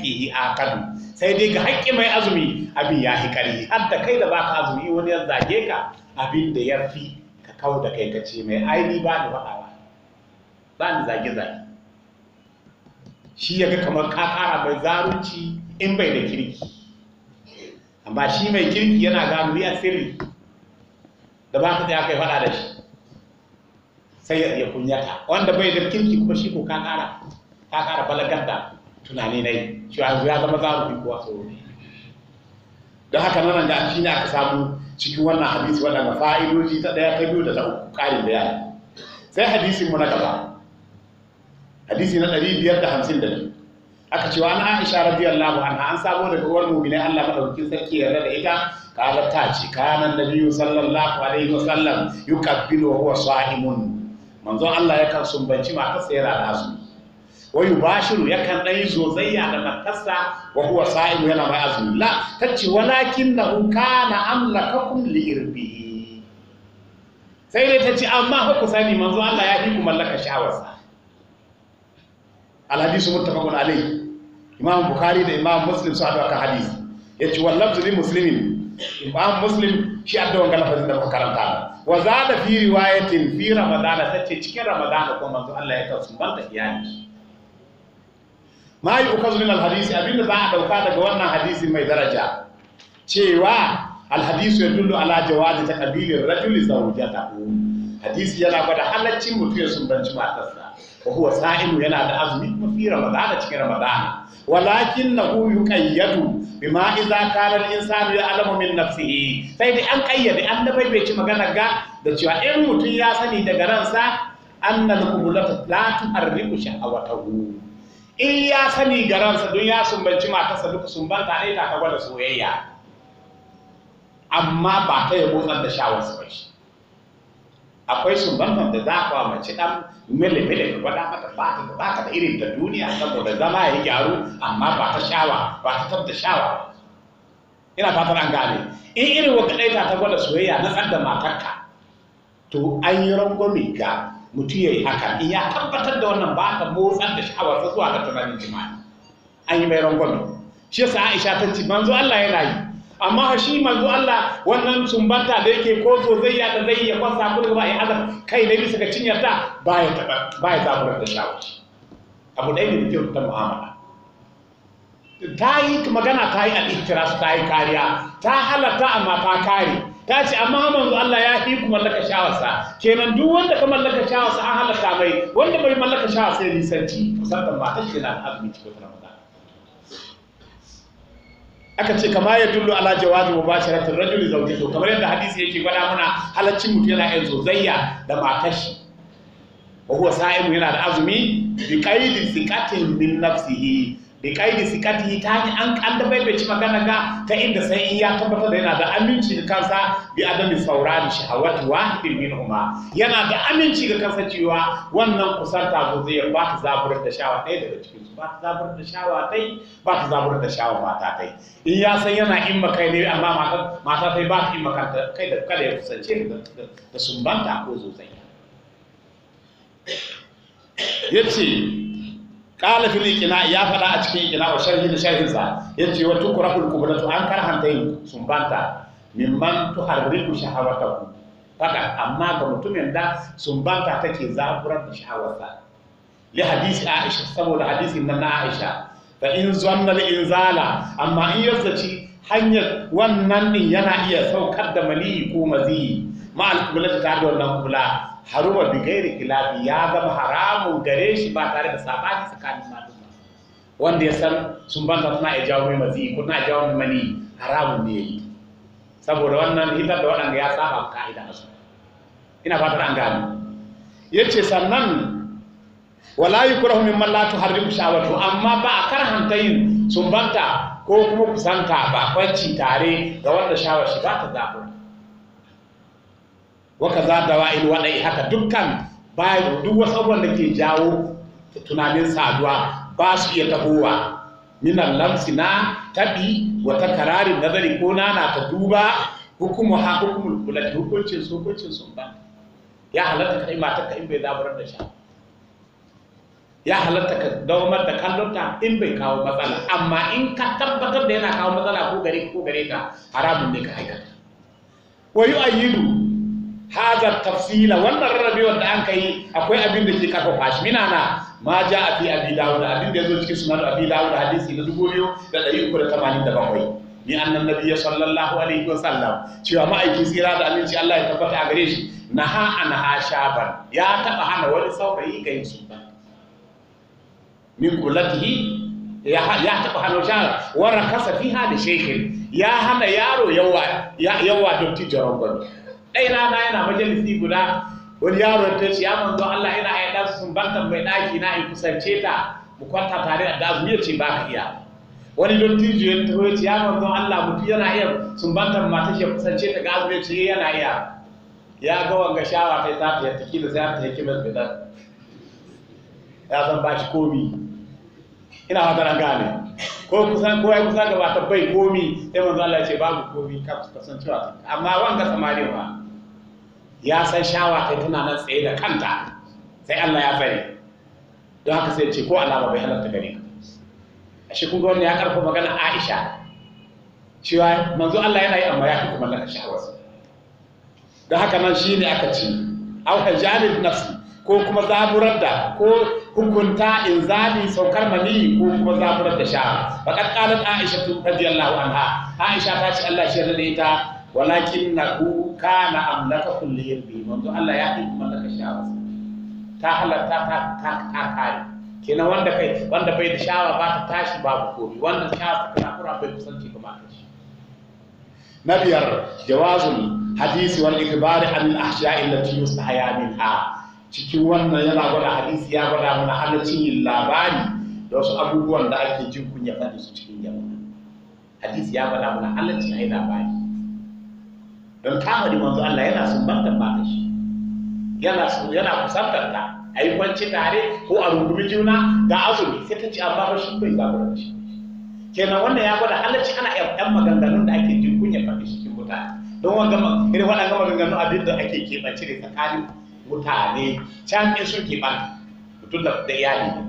fi a akadu sai dai ga haƙƙi mai azumi abin ya fi ƙarfi har da kai da ba ka azumi wani ya zage ka abin da ya fi ka kawo da kai ka ce mai aini ba ni faɗawa ba ni zage zage shi ya ga kamar ka ƙara mai zarunci in bai da kirki amma shi mai kirki yana gano ya sirri da ba ka tsaya kai faɗa da shi sai ya kunyata wanda bai da kirki kuma shi ko ka ƙara ka ƙara balagar da tunani na yi shi a ya zama mu bi kuwa. so ne don haka nan da shi ne aka samu cikin wannan hadisi waɗanda fa'idoji ta ɗaya ta biyu da ta uku ƙarin bayani sai hadisin mu na gaba hadisi na ɗari biyar da hamsin da biyu aka cewa an Aisha radiyallahu anha an samu daga uwar mu'mini Allah madaukakin sarki yarda da ita kaga ta ce kana biyu sallallahu alaihi wasallam yukabbilu wa huwa sa'imun manzon Allah ya yakan sumbanci matarsa yana rasu wa yubashiru yakan dan yi zozayya da matarsa wa huwa sa'imu yana mai azumi la tace walakinnahu kana amlakakum li sai dai tace amma fa ku sani manzon Allah ya fi ku mallaka shawarsa al hadisu muttafaqun alayhi imam bukhari da imam muslim su addu'a ka hadisi yace wallafzu li muslimin imam muslim shi adda wanga lafazin da karanta wa zada fi riwayatin fi ta ce cikin ramadana kuma manzo Allah ya kasu ban da iyani ma yi ukazu min alhadisi abinda za a dauka daga wannan hadisi mai daraja cewa alhadisu ya dullu ala jawazi ta kabilin rajuli zawjata hadisi yana gwada halaccin mutum ya sumbanci matarsa wa huwa sa'inu yana da azumi kuma fi ramadana cikin ramadana. walakin na huyu kayyadu bima iza kana al-insanu alamu min nafsihi sai dai an kayyade an da ci magana ga da cewa in mutum ya sani daga ransa annal qublata la tuharriku shahawatahu in ya sani ga ransa don ya sumbanci matarsa duka sumbanta ɗaya ta gwada soyayya amma ba ta yi motsar da su ba shi akwai sumbantan da za ka mace dan mele-mele ka gwada mata ba ta da baka da irin ta duniya saboda zama ya gyaru amma ba ta shawa ba ta tabda shawa ina fatan an gane in irin wata ta ta gwada soyayya na tsar da matarka to an yi rangwami ga mutum ya yi haka in ya tabbatar da wannan ba ta motsar da ta zuwa ga tunanin jima'i an yi mai rangwami, shi yasa Aisha ta ce manzo Allah yana yi amma shi manzo Allah wannan sumbanta da yake ko so zai ya zai ya fasa ku ba ya azab kai ne bisa ga cinyar ta ba ya taba ba ya zaburar da shawarci abu ɗaya ne da kyau ta mu'amala ta yi magana ta yi su ta yi kariya ta halatta amma ta kare ta ce amma manzo Allah ya fi ku mallaka shawarsa kenan duk wanda ka mallaka shawarsa an halatta mai wanda bai mallaka shawarsa ya nisanci musamman ba ta shi na azumi cikin aka ce kama ya dullu ala jawazi mubasharatin rajuli To kamar yadda hadisi yake gwada mana halaccin mutum yana yin zozayya da matar shi wa huwa sa'imu yana da azumi bi qaidi thiqatin min nafsihi da kaidi sikati ta hanyar an an da baibaci magana ga ta inda sai ya tabbatar da yana da aminci da kansa bi adami saurari shahawat wahidin minhuma yana da aminci ga kansa cewa wannan kusanta ko zai ba ta zaburar da shawa ɗaya daga cikin su ba ta zaburar da shawa tai ba ta zaburar da shawa mata tai in ya san yana in kai ne amma mata mata tai ba ta in makanta kai da kada ya kusance da sumbanta ko zozanya yace Ƙalafin fil ya faɗa a cikin iqna wa sharhi da sharhin sa yace wa tukrahul qubratu an karhanta yin sumbanta mimman tuharriku shahawatahu faka amma ga mutumin da sumbanta take zaburar da shahawarsa hadisi aisha saboda hadisin na aisha da in zanna al inzala amma in yazzaci hanyar wannan din yana iya saukar da mali ko mazi ma ta da wannan kula haruma da gairi kilafi ya zama haramun gare shi ba tare da sabani tsakanin maluma wanda ya san sun banta suna iya jawo mai mazi ko na jawo mai mani haramun ne yi saboda wannan hitar da waɗanda ya saba ka'ida a su ina fatar an gano ce sannan wala mallatu har la tuharrimu shawatu amma ba a karhanta yin sumbanta ko kuma kusanta ba kwanci tare ga wanda shawar shi ba ta zabura waka za da wa'il waɗai haka dukkan bayan duk wasu abubuwan da ke jawo tunanin saduwa ba su iya tahowa minan lamsi na taɓi wata kararin nazari ko nana ta duba hukumu ha hukumu kulat hukuncin su hukuncin sun ba ya halatta ka matar ka in bai zaburar da sha ya halatta ka daumar da kallonta in bai kawo matsala amma in ka tabbatar da yana kawo matsala ko gare ko gare ka haramun ne ka aikata Wayu ayyidu haga tafsila wannan rarrabewar da an kai akwai abin da ke karfafa shi mina na ma ja a fi abi dawud abin da yazo cikin sunan abi dawud hadisi na dubu biyu da ɗari uku da tamanin da bakwai ni annan nabiyya sallallahu alaihi wa sallam cewa ma'aikin tsira da aminci Allah ya tabbata a gare shi naha anha shaban ya taba hana wani saurayi ga yin sunna min kullatihi ya taba hana shaban wara rakasa fiha da shekin. ya hana yaro yawa yawa dokti jaron ɗai rana yana majalisi guda wani yaro ta ce ya manzo Allah ina ai dan sun bankan mai ɗaki na in kusance ta mu kwanta tare da dazu ya ce ba ka iya wani dattijo ya taho ya ce ya manzo Allah mutum yana iya sun ma ta ke kusance ta gazu ya ce eh, yana iya ya ga wanga shawa ta ta ta taki da zai ta yake mai bidan ya san ba shi komi ina fatan gane ko kusan ko ya kusa gaba ta bai komi sai manzo Allah ya ce babu komi ka wa amma wanga samariya ba ya san shawa kai tana nan tsaye da kanta sai Allah ya sani don haka sai ce ko alama bai halarta gare ka ashe shi ga wannan ya karfa magana Aisha cewa manzo Allah yana yi amma ya fi kuma laka shawa don haka nan shine aka ce au hajalin nafsi ko kuma zaburar da ko hukunta in zabi saukar mani ko kuma zaburar da sha faqad qalat aisha radiyallahu anha aisha ta ce Allah shi ya da ita walakin na ku na amlaka kulli yambi manzo Allah ya yi mallaka shawa ta halatta ta ta ta kare kina wanda kai wanda bai da shawa ba ta tashi babu komai wannan shawa ta kafura bai kusanci ba ka shi na biyar jawazul hadisi wal ikbari an al-ahsha'i allati yusahaya minha cikin wannan yana gwada hadisi ya gwada mana halaccin yin labari da wasu abubuwan da ake jin kunya faɗi su cikin jama'a hadisi ya gwada mana halaccin cin labari don tamari manzo Allah yana sumbantar ba shi yana yana kusantar ta a yi kwanci tare ko a rungumi juna ga azumi sai ta ce amma ba shi bai zaburar shi kenan wannan ya gwada halarci ana yan maganganun da ake jin kunya faɗi shi cikin mutane don wanga irin waɗannan maganganun abin da ake keɓance da tsakanin mutane can in sun keɓanta mutum da iyali ne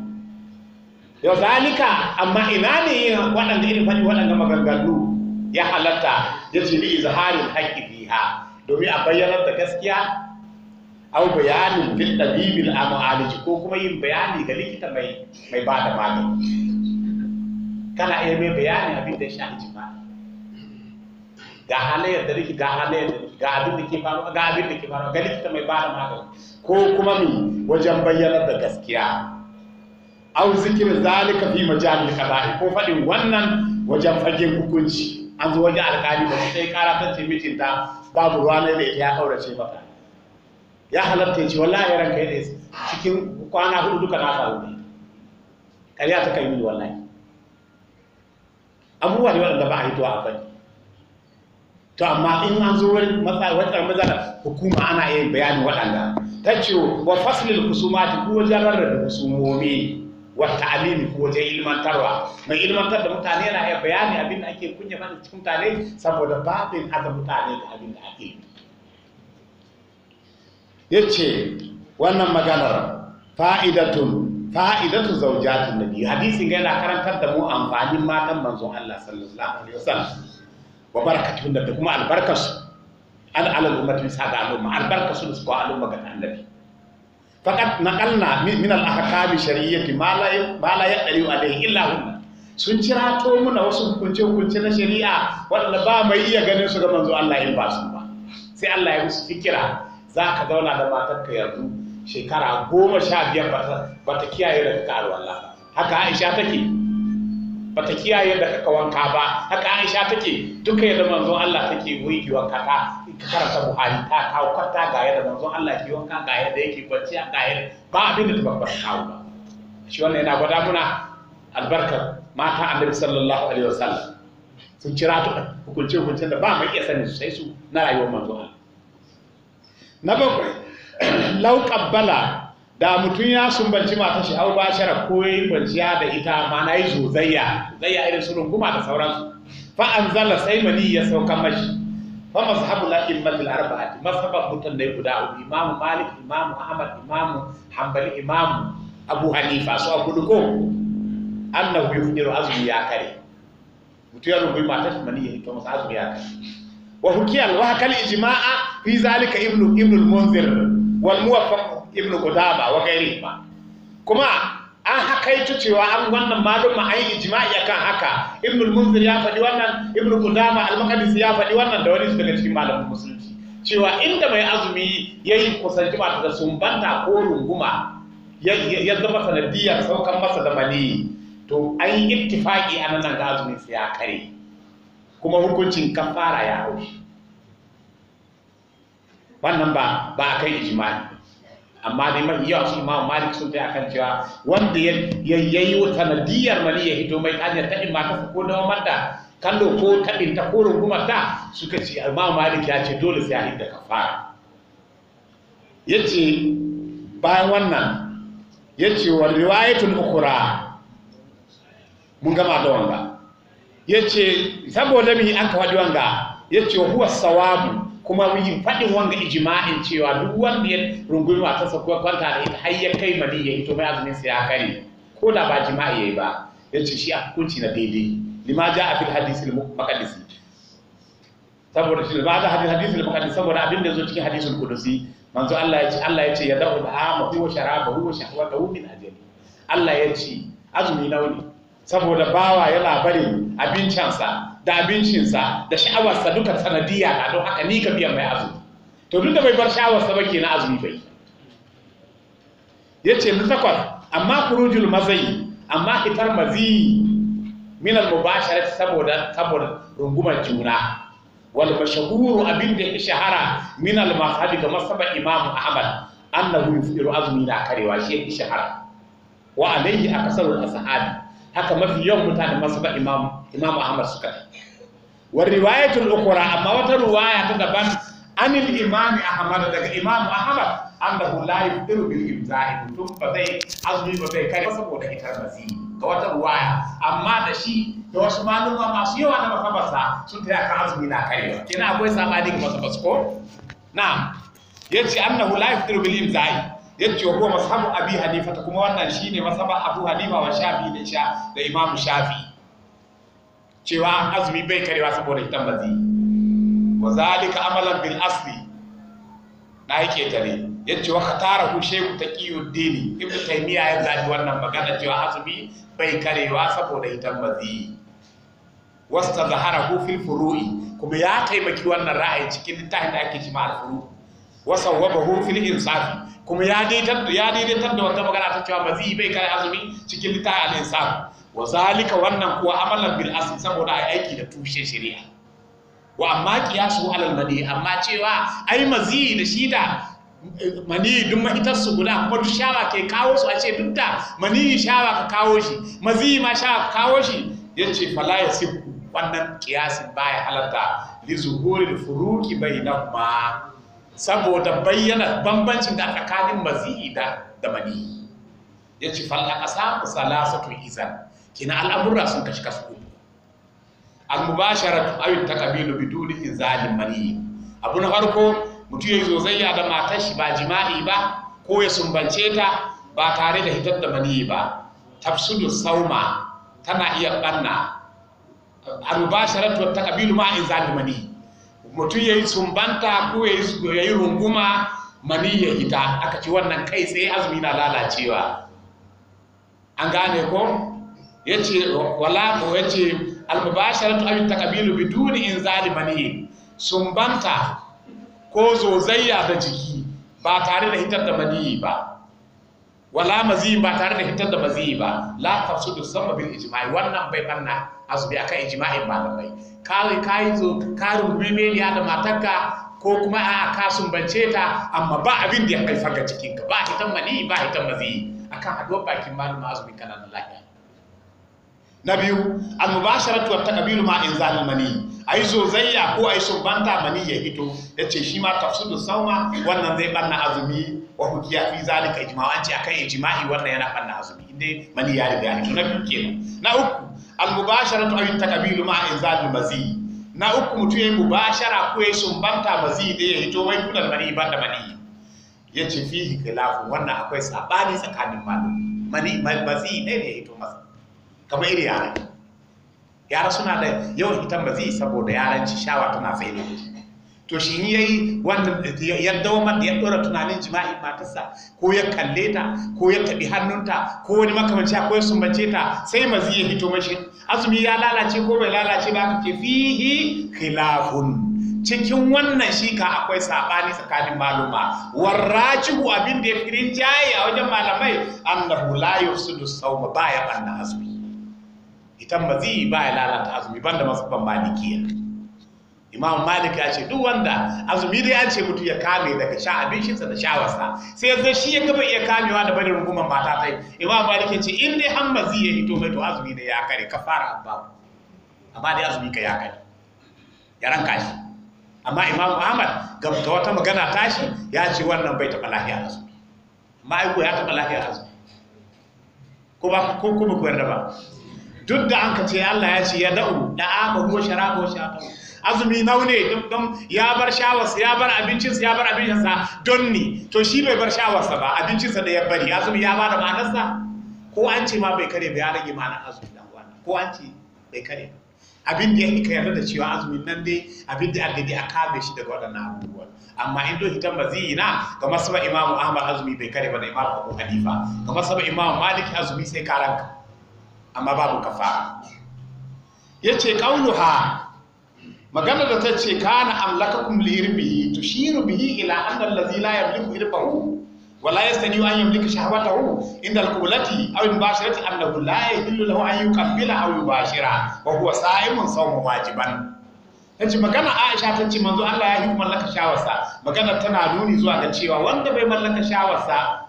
yau zalika amma ina ne waɗanda irin faɗi waɗanda maganganu ya halatta ya ce ni izharin haƙƙi fiha domin a bayyanar da gaskiya au bayanin fil tabibil amalici ko kuma yin bayani ga likita mai mai ba da magani kana iya mai bayani abin da ya shafi jima'i ga halayyar da riki ga halayyar da ga abin da ke faru ga abin da ke faru ga likita mai ba da magani ko kuma mi wajen bayyanar da gaskiya au zikir zalika fi majalil qada'i ko fadin wannan wajen fagen hukunci an zo wajen alkali ba sai kara ta ce ta babu ruwa na da ya kaurace maka ya halatta ya ce wallahi ranka ya ne cikin kwana hudu duka na faru ne kariya ta kai mini wallahi abubuwa ne waɗanda ba a hito a bane to amma in an zo wurin matsalar matsalar hukuma ana yin bayanin waɗanda ta ce wa faslil kusumati ko jarar da kusumomi wa ta'limi ko wajen ilmantarwa mai ilmantar da mutane yana iya bayani abin da ake kunya mana cikin mutane saboda babin haɗa mutane da abin da ake yace wannan maganar fa'idatun fa'idatu zawjatin nabi hadisin ga yana karantar da mu amfanin matan manzon Allah sallallahu alaihi wasallam wa barakatun da kuma albarkasu al alal ummati ga al'umma albarkasu da suka al'umma ga annabi faqad naqalna min al-ahkam shariyyati ma la ma la yaqdiru alayhi illa hu sun cirato muna wasu hukunce hukunce na shari'a wanda ba mai iya ganin su ga manzo Allah in ba su ba sai Allah ya musu fikira zaka zauna da matarka yanzu shekara goma sha biyar ba ta kiyaye da ka Allah haka Aisha take bata kiyaye da ka wanka ba haka Aisha take duka yadda manzon Allah take wuyi wanka ta karanta buhari ta kawo kwata ga yadda manzon Allah ke wanka ga yadda yake kwanciya ga yadda ba abin da ta babbar kawo ba shi wannan yana gwada muna albarkar mata annabi sallallahu alaihi wasallam sun kira ta hukunce hukunce da ba mai iya sani sai su na rayuwar manzon Allah na bakwai [clears throat] lau qabbala da mutum ya sumbanci mata shi hau ba shara ko yi kwanciya da ita ma na yi zozayya zayya irin su runguma da sauransu fa zala sai mani ya sauka mashi فمذهب الأئمة الأربعة مذهب متنبي غدا إمام مالك إمام أحمد إمام حنبل إمام أبو حنيفة سو أقولكم أنه يفجر عزم ياكري متيار بما تسمني تومس عزم ياكري وحكي وحكى الإجماع في ذلك ابن ابن المنذر والموفق ابن قدامة وغيرهما كما an haka hakaito cewa an wannan malum an yi ijma'i akan haka ibnul munzir ya faɗi wannan ibnu qudama al ya faɗi wannan da wani daga cikin malamin musulunci cewa inda mai azumi ya yi kusanci ba da sumbanta ko runguma ya zama sanadiyar saukan masa da mani to an yi ittifaqi a nan ga azumin sa ya kare kuma hukuncin kafara ya hau. wannan ba a kai ijma'i amma dai mai yawa shi imamu malik sun ta akan cewa wanda ya yayi sanadiyar mali ya hito mai ta taɓin mata ko dawamar da kallo ko taɓin ta ko rungumar ta suka ce imamu malik ya ce dole sai a hidda kafara ya ce bayan wannan ya ce wa riwayatul ukura mun gama da wanga ya ce saboda mi an ka wadi wanga ya ce huwa sawabu kuma yin faɗin wanga ijima'in cewa duk wanda ya rungumi matarsa kuma kwanta da ita har ya kai mali ya hito mai azumin sa ya kare ko da ba jima'i yayi ba ya ce shi a hukunci na daidai lima a fil hadisi al makadisi. saboda shi ba da hadisi al makadisi saboda abin da zo cikin hadisul qudusi manzo Allah ya ce Allah ya ce ya da'u da'ama huwa huwa shahwa da min ajali Allah ya ce azumi nawa ne saboda bawa yana barin abincinsa da abincinsa da sha'awarsa duka sanadiyya na don haka ni ka biyan mai azumi to duk da bai bar sha'awarsa ba ke na azumi bai ya ce na takwas amma kurujul mazai amma hitar mazi minal mubashara saboda saboda rungumar juna wal mashahuru abin da ya shahara minal mazhabi ga masaba imamu ahmad annahu yufiru azumi na karewa shi ya shahara wa alaihi akasarul ashabi haka mafi yawan mutane ba imam imam ahmad suka wa riwayatul ukhra amma wata riwaya ta daban anil imam ahmad daga imam ahmad annahu la yudiru bil imza'i mutum ba zai azumi ba zai kare saboda itar zi ga wata riwaya amma da shi da wasu maluma masu yawa na masabarsa sun ta kan azumi na karewa kina akwai sabani ga masabarsa ko na yace annahu la yudiru bil imza'i yace huwa mashabu abi hanifa kuma wannan shine masaba abu hanifa wa shafi ne sha da imam shafi cewa azumi bai karewa saboda ita bazi wa zalika amalan bil asli na yake tare yace wa khatara ta kiyo dini ibnu taymiya ya zabi wannan magana cewa azumi bai karewa saboda mazi. bazi wasta zaharahu fil furu'i kuma ya taimaki wannan ra'ayi cikin littafin da ake shi ma Wasu furu' wa fil insafi kuma ya daidaitar da wata magana ta cewa mazi bai kare azumi cikin a al'insan wa zalika wannan kuwa amalan bil asli saboda a aiki da tushe shari'a wa amma kiyasu alal amma cewa ai mazi da shi da eh, mani duk mahitar guda kuma duk shawa ke kawo su a ce duk da mani shawa ka kawo shi mazi ma shawa ka kawo shi yace fala yasibu wannan kiyasin baya halatta li zuhuri furuki bai ma. saboda bayyana bambancin da tsakanin mazi'i da da mani ya ce fal aqsamu salasatu izan kina al'amura sun kashi kasu uku al mubasharatu ayu taqabilu biduni inzalin mani abu na farko mutum ya zo zai da matar shi ba jima'i ba ko ya sumbance ta ba tare da hitar da mani ba tafsudu sauma tana iya banna al ta taqabilu ma zalin mani mutum ya yi sumbanta ko ya yi runguma mani ya ita aka ci wannan kai tsaye azumi na lalacewa an gane ko ya ce wala ko ya ce almubasharatu abin takabilu biduni in zali mani sumbanta ko zozayya da jiki ba tare da hitar da mani ba wala mazi ba tare da hitar da mazi ba la tafsudu sama ijma'i wannan bai banna azumi akan ijma'in malamai kawai yi zo karin gulmeliya da matarka ko kuma a ka sumbance ta amma ba abin da ya haifar ga cikin ka ba hitan mani ba hitan mazi akan haduwar bakin ma azumi kana na lafiya na biyu almubasharatu wa ƙabilu ma inzal mani zai zozayya ko ai sumbanta mani ya hito ce shi ma tafsidu sauma wannan zai ɓanna azumi wa hukiya fi zalika ijma'an ce akan ijima'i wannan yana ɓanna azumi inda mani ya riga ya na biyu kenan na uku al to aw takabilu ma inzalil mazi na uku mutu ya mubashara ko ya sumbanta mazi da ya hito wai kudan mani ba da mani ya ce fihi khilafu wannan akwai sabani tsakanin malu mani mazi ne ne ya hito masa kamar iri yara yara suna da yawan hitan mazi saboda yaranci shawa tana tsaye da to shi ni yayi wannan ya dawamar da ya dora tunanin jima'i matarsa ko ya kalle ta ko ya tabi hannunta ko wani makamanci ko ya sumbace ta sai mazi ya hito mashi azumi ya lalace ko bai lalace ba kake fihi khilafun cikin wannan shi ka akwai sabani tsakanin maluma warrajihu abin da ya fi jaye a wajen malamai annahu la yusudu sawma baya banna azumi Ita mazi baya lalata azumi banda masu ban malikiya imam malik ya ce duk wanda azumi dai an ce mutu ya kame daga sha abincinsa da shawarsa sai ya zo shi ya gaba iya kamewa da barin rungumar mata ta imam malik ya ce in dai mazi ya hito mai to azumi ne ya kare ka fara abba amma dai azumi ka ya kare ya ranka shi amma imam ahmad ga wata magana tashi ya ce wannan bai taɓa a azumi amma aiko ya taɓa lafiya azumi ko ba ko kuma ko yarda ba duk da an ka ce Allah ya ce ya da'u da'ama huwa sharabo sha shatamu azumi naune don ya bar shawarsa ya bar abincinsa ya bar abincinsa don ni to shi bai bar shawarsa ba abincinsa da ya bari azumi ya ba da ma'anarsa ko an ce ma bai kare ba ya rage ma'anar azumi dan wannan ko an ce bai kare abin da ya yarda da cewa azumin nan dai abin da algadi a kame shi daga waɗannan abubuwan amma in do hitan ba zai na ga masaba imamu ahmad azumi bai kare ba da imamu abu hanifa ga masaba imamu malik azumi sai karanka amma babu kafara yace kaunuha magana da ta ce kana amlakakum li irbihi tushiru bihi ila anna allazi la yamliku irbahu wala yastani an ta shahwatahu inda alqulati aw mubasharati annahu la yahillu lahu an yuqabbila aw yubashira wa huwa sa'imun sawma wajiban ce magana Aisha ce manzo Allah ya hikmar laka shawarsa magana tana nuni zuwa ga cewa wanda bai mallaka shawarsa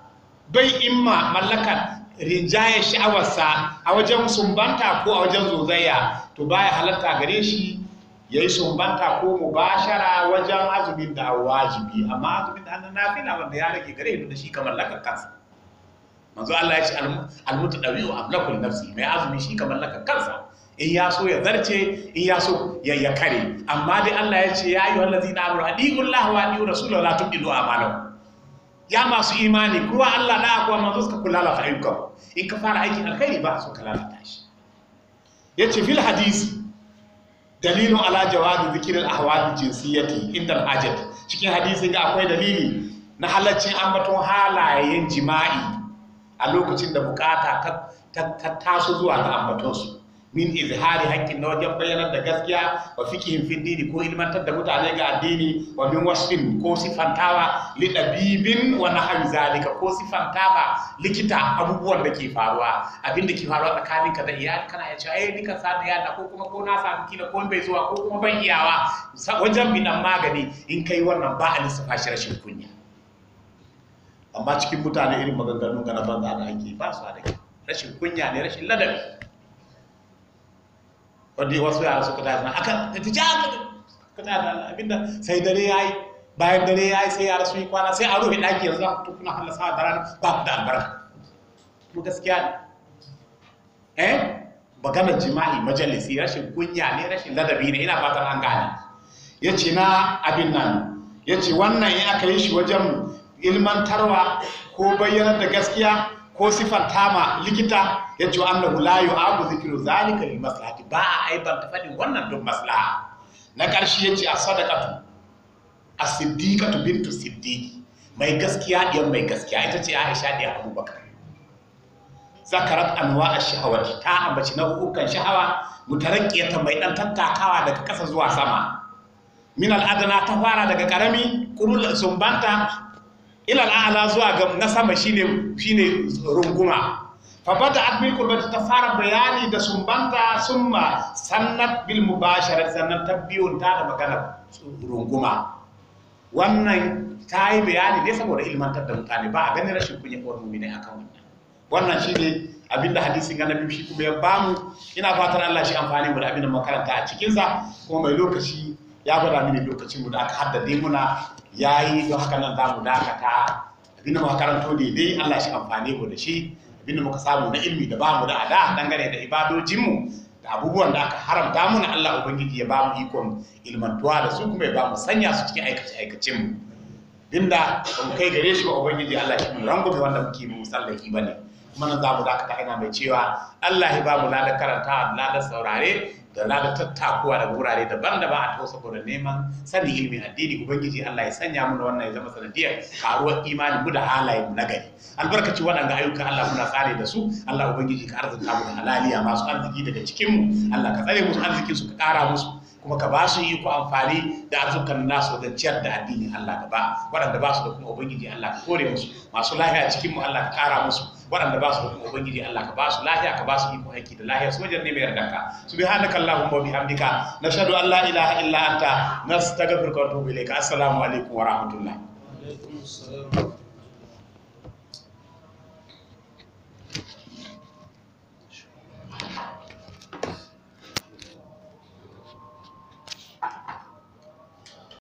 bai imma mallakar rinjaye sha'awarsa a wajen sumbanta ko a wajen zozayya to baya halatta gare shi ya yi sumbanta ko mubashara wajen azumin da wajibi amma azumin da na nafila wanda ya rage gare da shi kamar lakar kansa manzo Allah ya ce almutu dabi'u ablakul nafsi mai azumi shi kamar lakar kansa in ya so ya zarce in ya so ya ya kare amma dai Allah ya ce ya ayyuhal ladzina amanu adiqullaha wa adiqur rasulahu la tubdilu a'malakum ya masu imani kuwa Allah na akwai manzo suka kula da ayyukan in ka fara aiki alkhairi ba su kala da shi yace fil hadisi dalilu ala jawabin zikirin ahwali jinsiyyati inda ajad cikin hadisin ga akwai dalili na halaccin ambaton halayen jima'i a lokacin da bukata ta taso zuwa ga ambatonsu min izhari haƙƙin na wajen bayyanar da gaskiya wa fikihin dini ko ilmantar da mutane ga addini wa min wasfin ko sifantawa li dabibin wa nahawi zalika ko sifantawa likita abubuwan da ke faruwa abin da ke faruwa tsakanin ka da iyali kana ya ce eh nika sa da yalla ko kuma ko na samu kila ko bai zuwa ko kuma ban iyawa wajen bidan magani in kai wannan ba a lissafa shi rashin kunya amma cikin mutane irin maganganun ga na banza da ake ba su da rashin kunya ne rashin ladabi wanda wasu yara suka tashi na akan ta ci da ka tashi na abinda sai dare ya yi bayan dare ya yi sai yara sun yi kwana sai a rufe ɗaki yanzu aka tukuna halasa da rana ba ku da albarka mu gaskiya ne eh magana jima'i majalisi rashin kunya ne rashin ladabi ne ina fatan an gane ya ce na abin nan ya ce wannan in aka yi shi wajen ilmantarwa ko bayyanar da gaskiya ko sifanta tama, likita ya ce annahu la abu zikiru zalika lil maslahati ba a aibar ta faɗin wannan don maslaha na ƙarshe ya ce a sadakatu a siddiqatu bintu siddiki mai gaskiya ɗiyan mai gaskiya ita ce Aisha ɗiyan Abubakar zakarat anwa a shahawar ta ambaci nau'ukan shahawa mutarakkiyatan mai ɗan tattakawa daga ƙasa zuwa sama min al'adana ta fara daga karami kurul sumbanta ilal a'la zuwa ga na sama shine shine runguma fa bada admin kurbata ta fara bayani da sumbanta summa sannat bil mubashara sannan tabbiyun ta da magana runguma wannan ta yi bayani ne saboda ilmantar da mutane ba a ganin rashin kunya ko ne akan wannan wannan shine abinda hadisin annabi shi kuma ya bamu ina fatan Allah shi amfani mu da abinda makaranta a cikin sa kuma mai lokaci ya gwada mini lokacin mu da aka haddade muna ya yi don haka nan za mu dakata abinda muka karanto daidai Allah shi amfani mu da shi abinda muka samu na ilmi da bamu da ada dangane da ibadojinmu da abubuwan da aka haramta muna, na Allah ubangiji ya bamu ikon ilmantuwa da su kuma ya bamu sanya su cikin aikace aikace mu dinda ban kai gare shi ba ubangiji Allah shi mun rangume wanda muke mu sallaki bane kuma nan za mu dakata ina mai cewa Allah ya bamu ladan karanta ladan saurare da na takuwa tattakuwa daga wurare daban-daban a taho saboda neman sanin ilimin addini ubangiji Allah ya sanya mu wannan ya zama sanadiyar karuwar imani mu da halayen mu na gari albarkaci waɗanda ayyuka Allah muna tsare da su Allah ubangiji ka arzuta mu da halaliya masu arziki daga cikin mu Allah ka tsare musu arzikin su ka ƙara musu kuma ka ba su yi ku amfani da arzukan nasu wajen ciyar da addinin Allah gaba waɗanda ba su da kuma ubangiji Allah ka kore musu masu lafiya cikin mu Allah ka ƙara musu waɗanda ba su roƙon ubangiji Allah ka ba su lahiya ka ba su iko haiki da lahiya su wajen neman yardan ka subhanaka allahumma wa bihamdika nashhadu an la ilaha illa anta nastaghfiruka wa natubu ilayka assalamu alaikum wa rahmatullah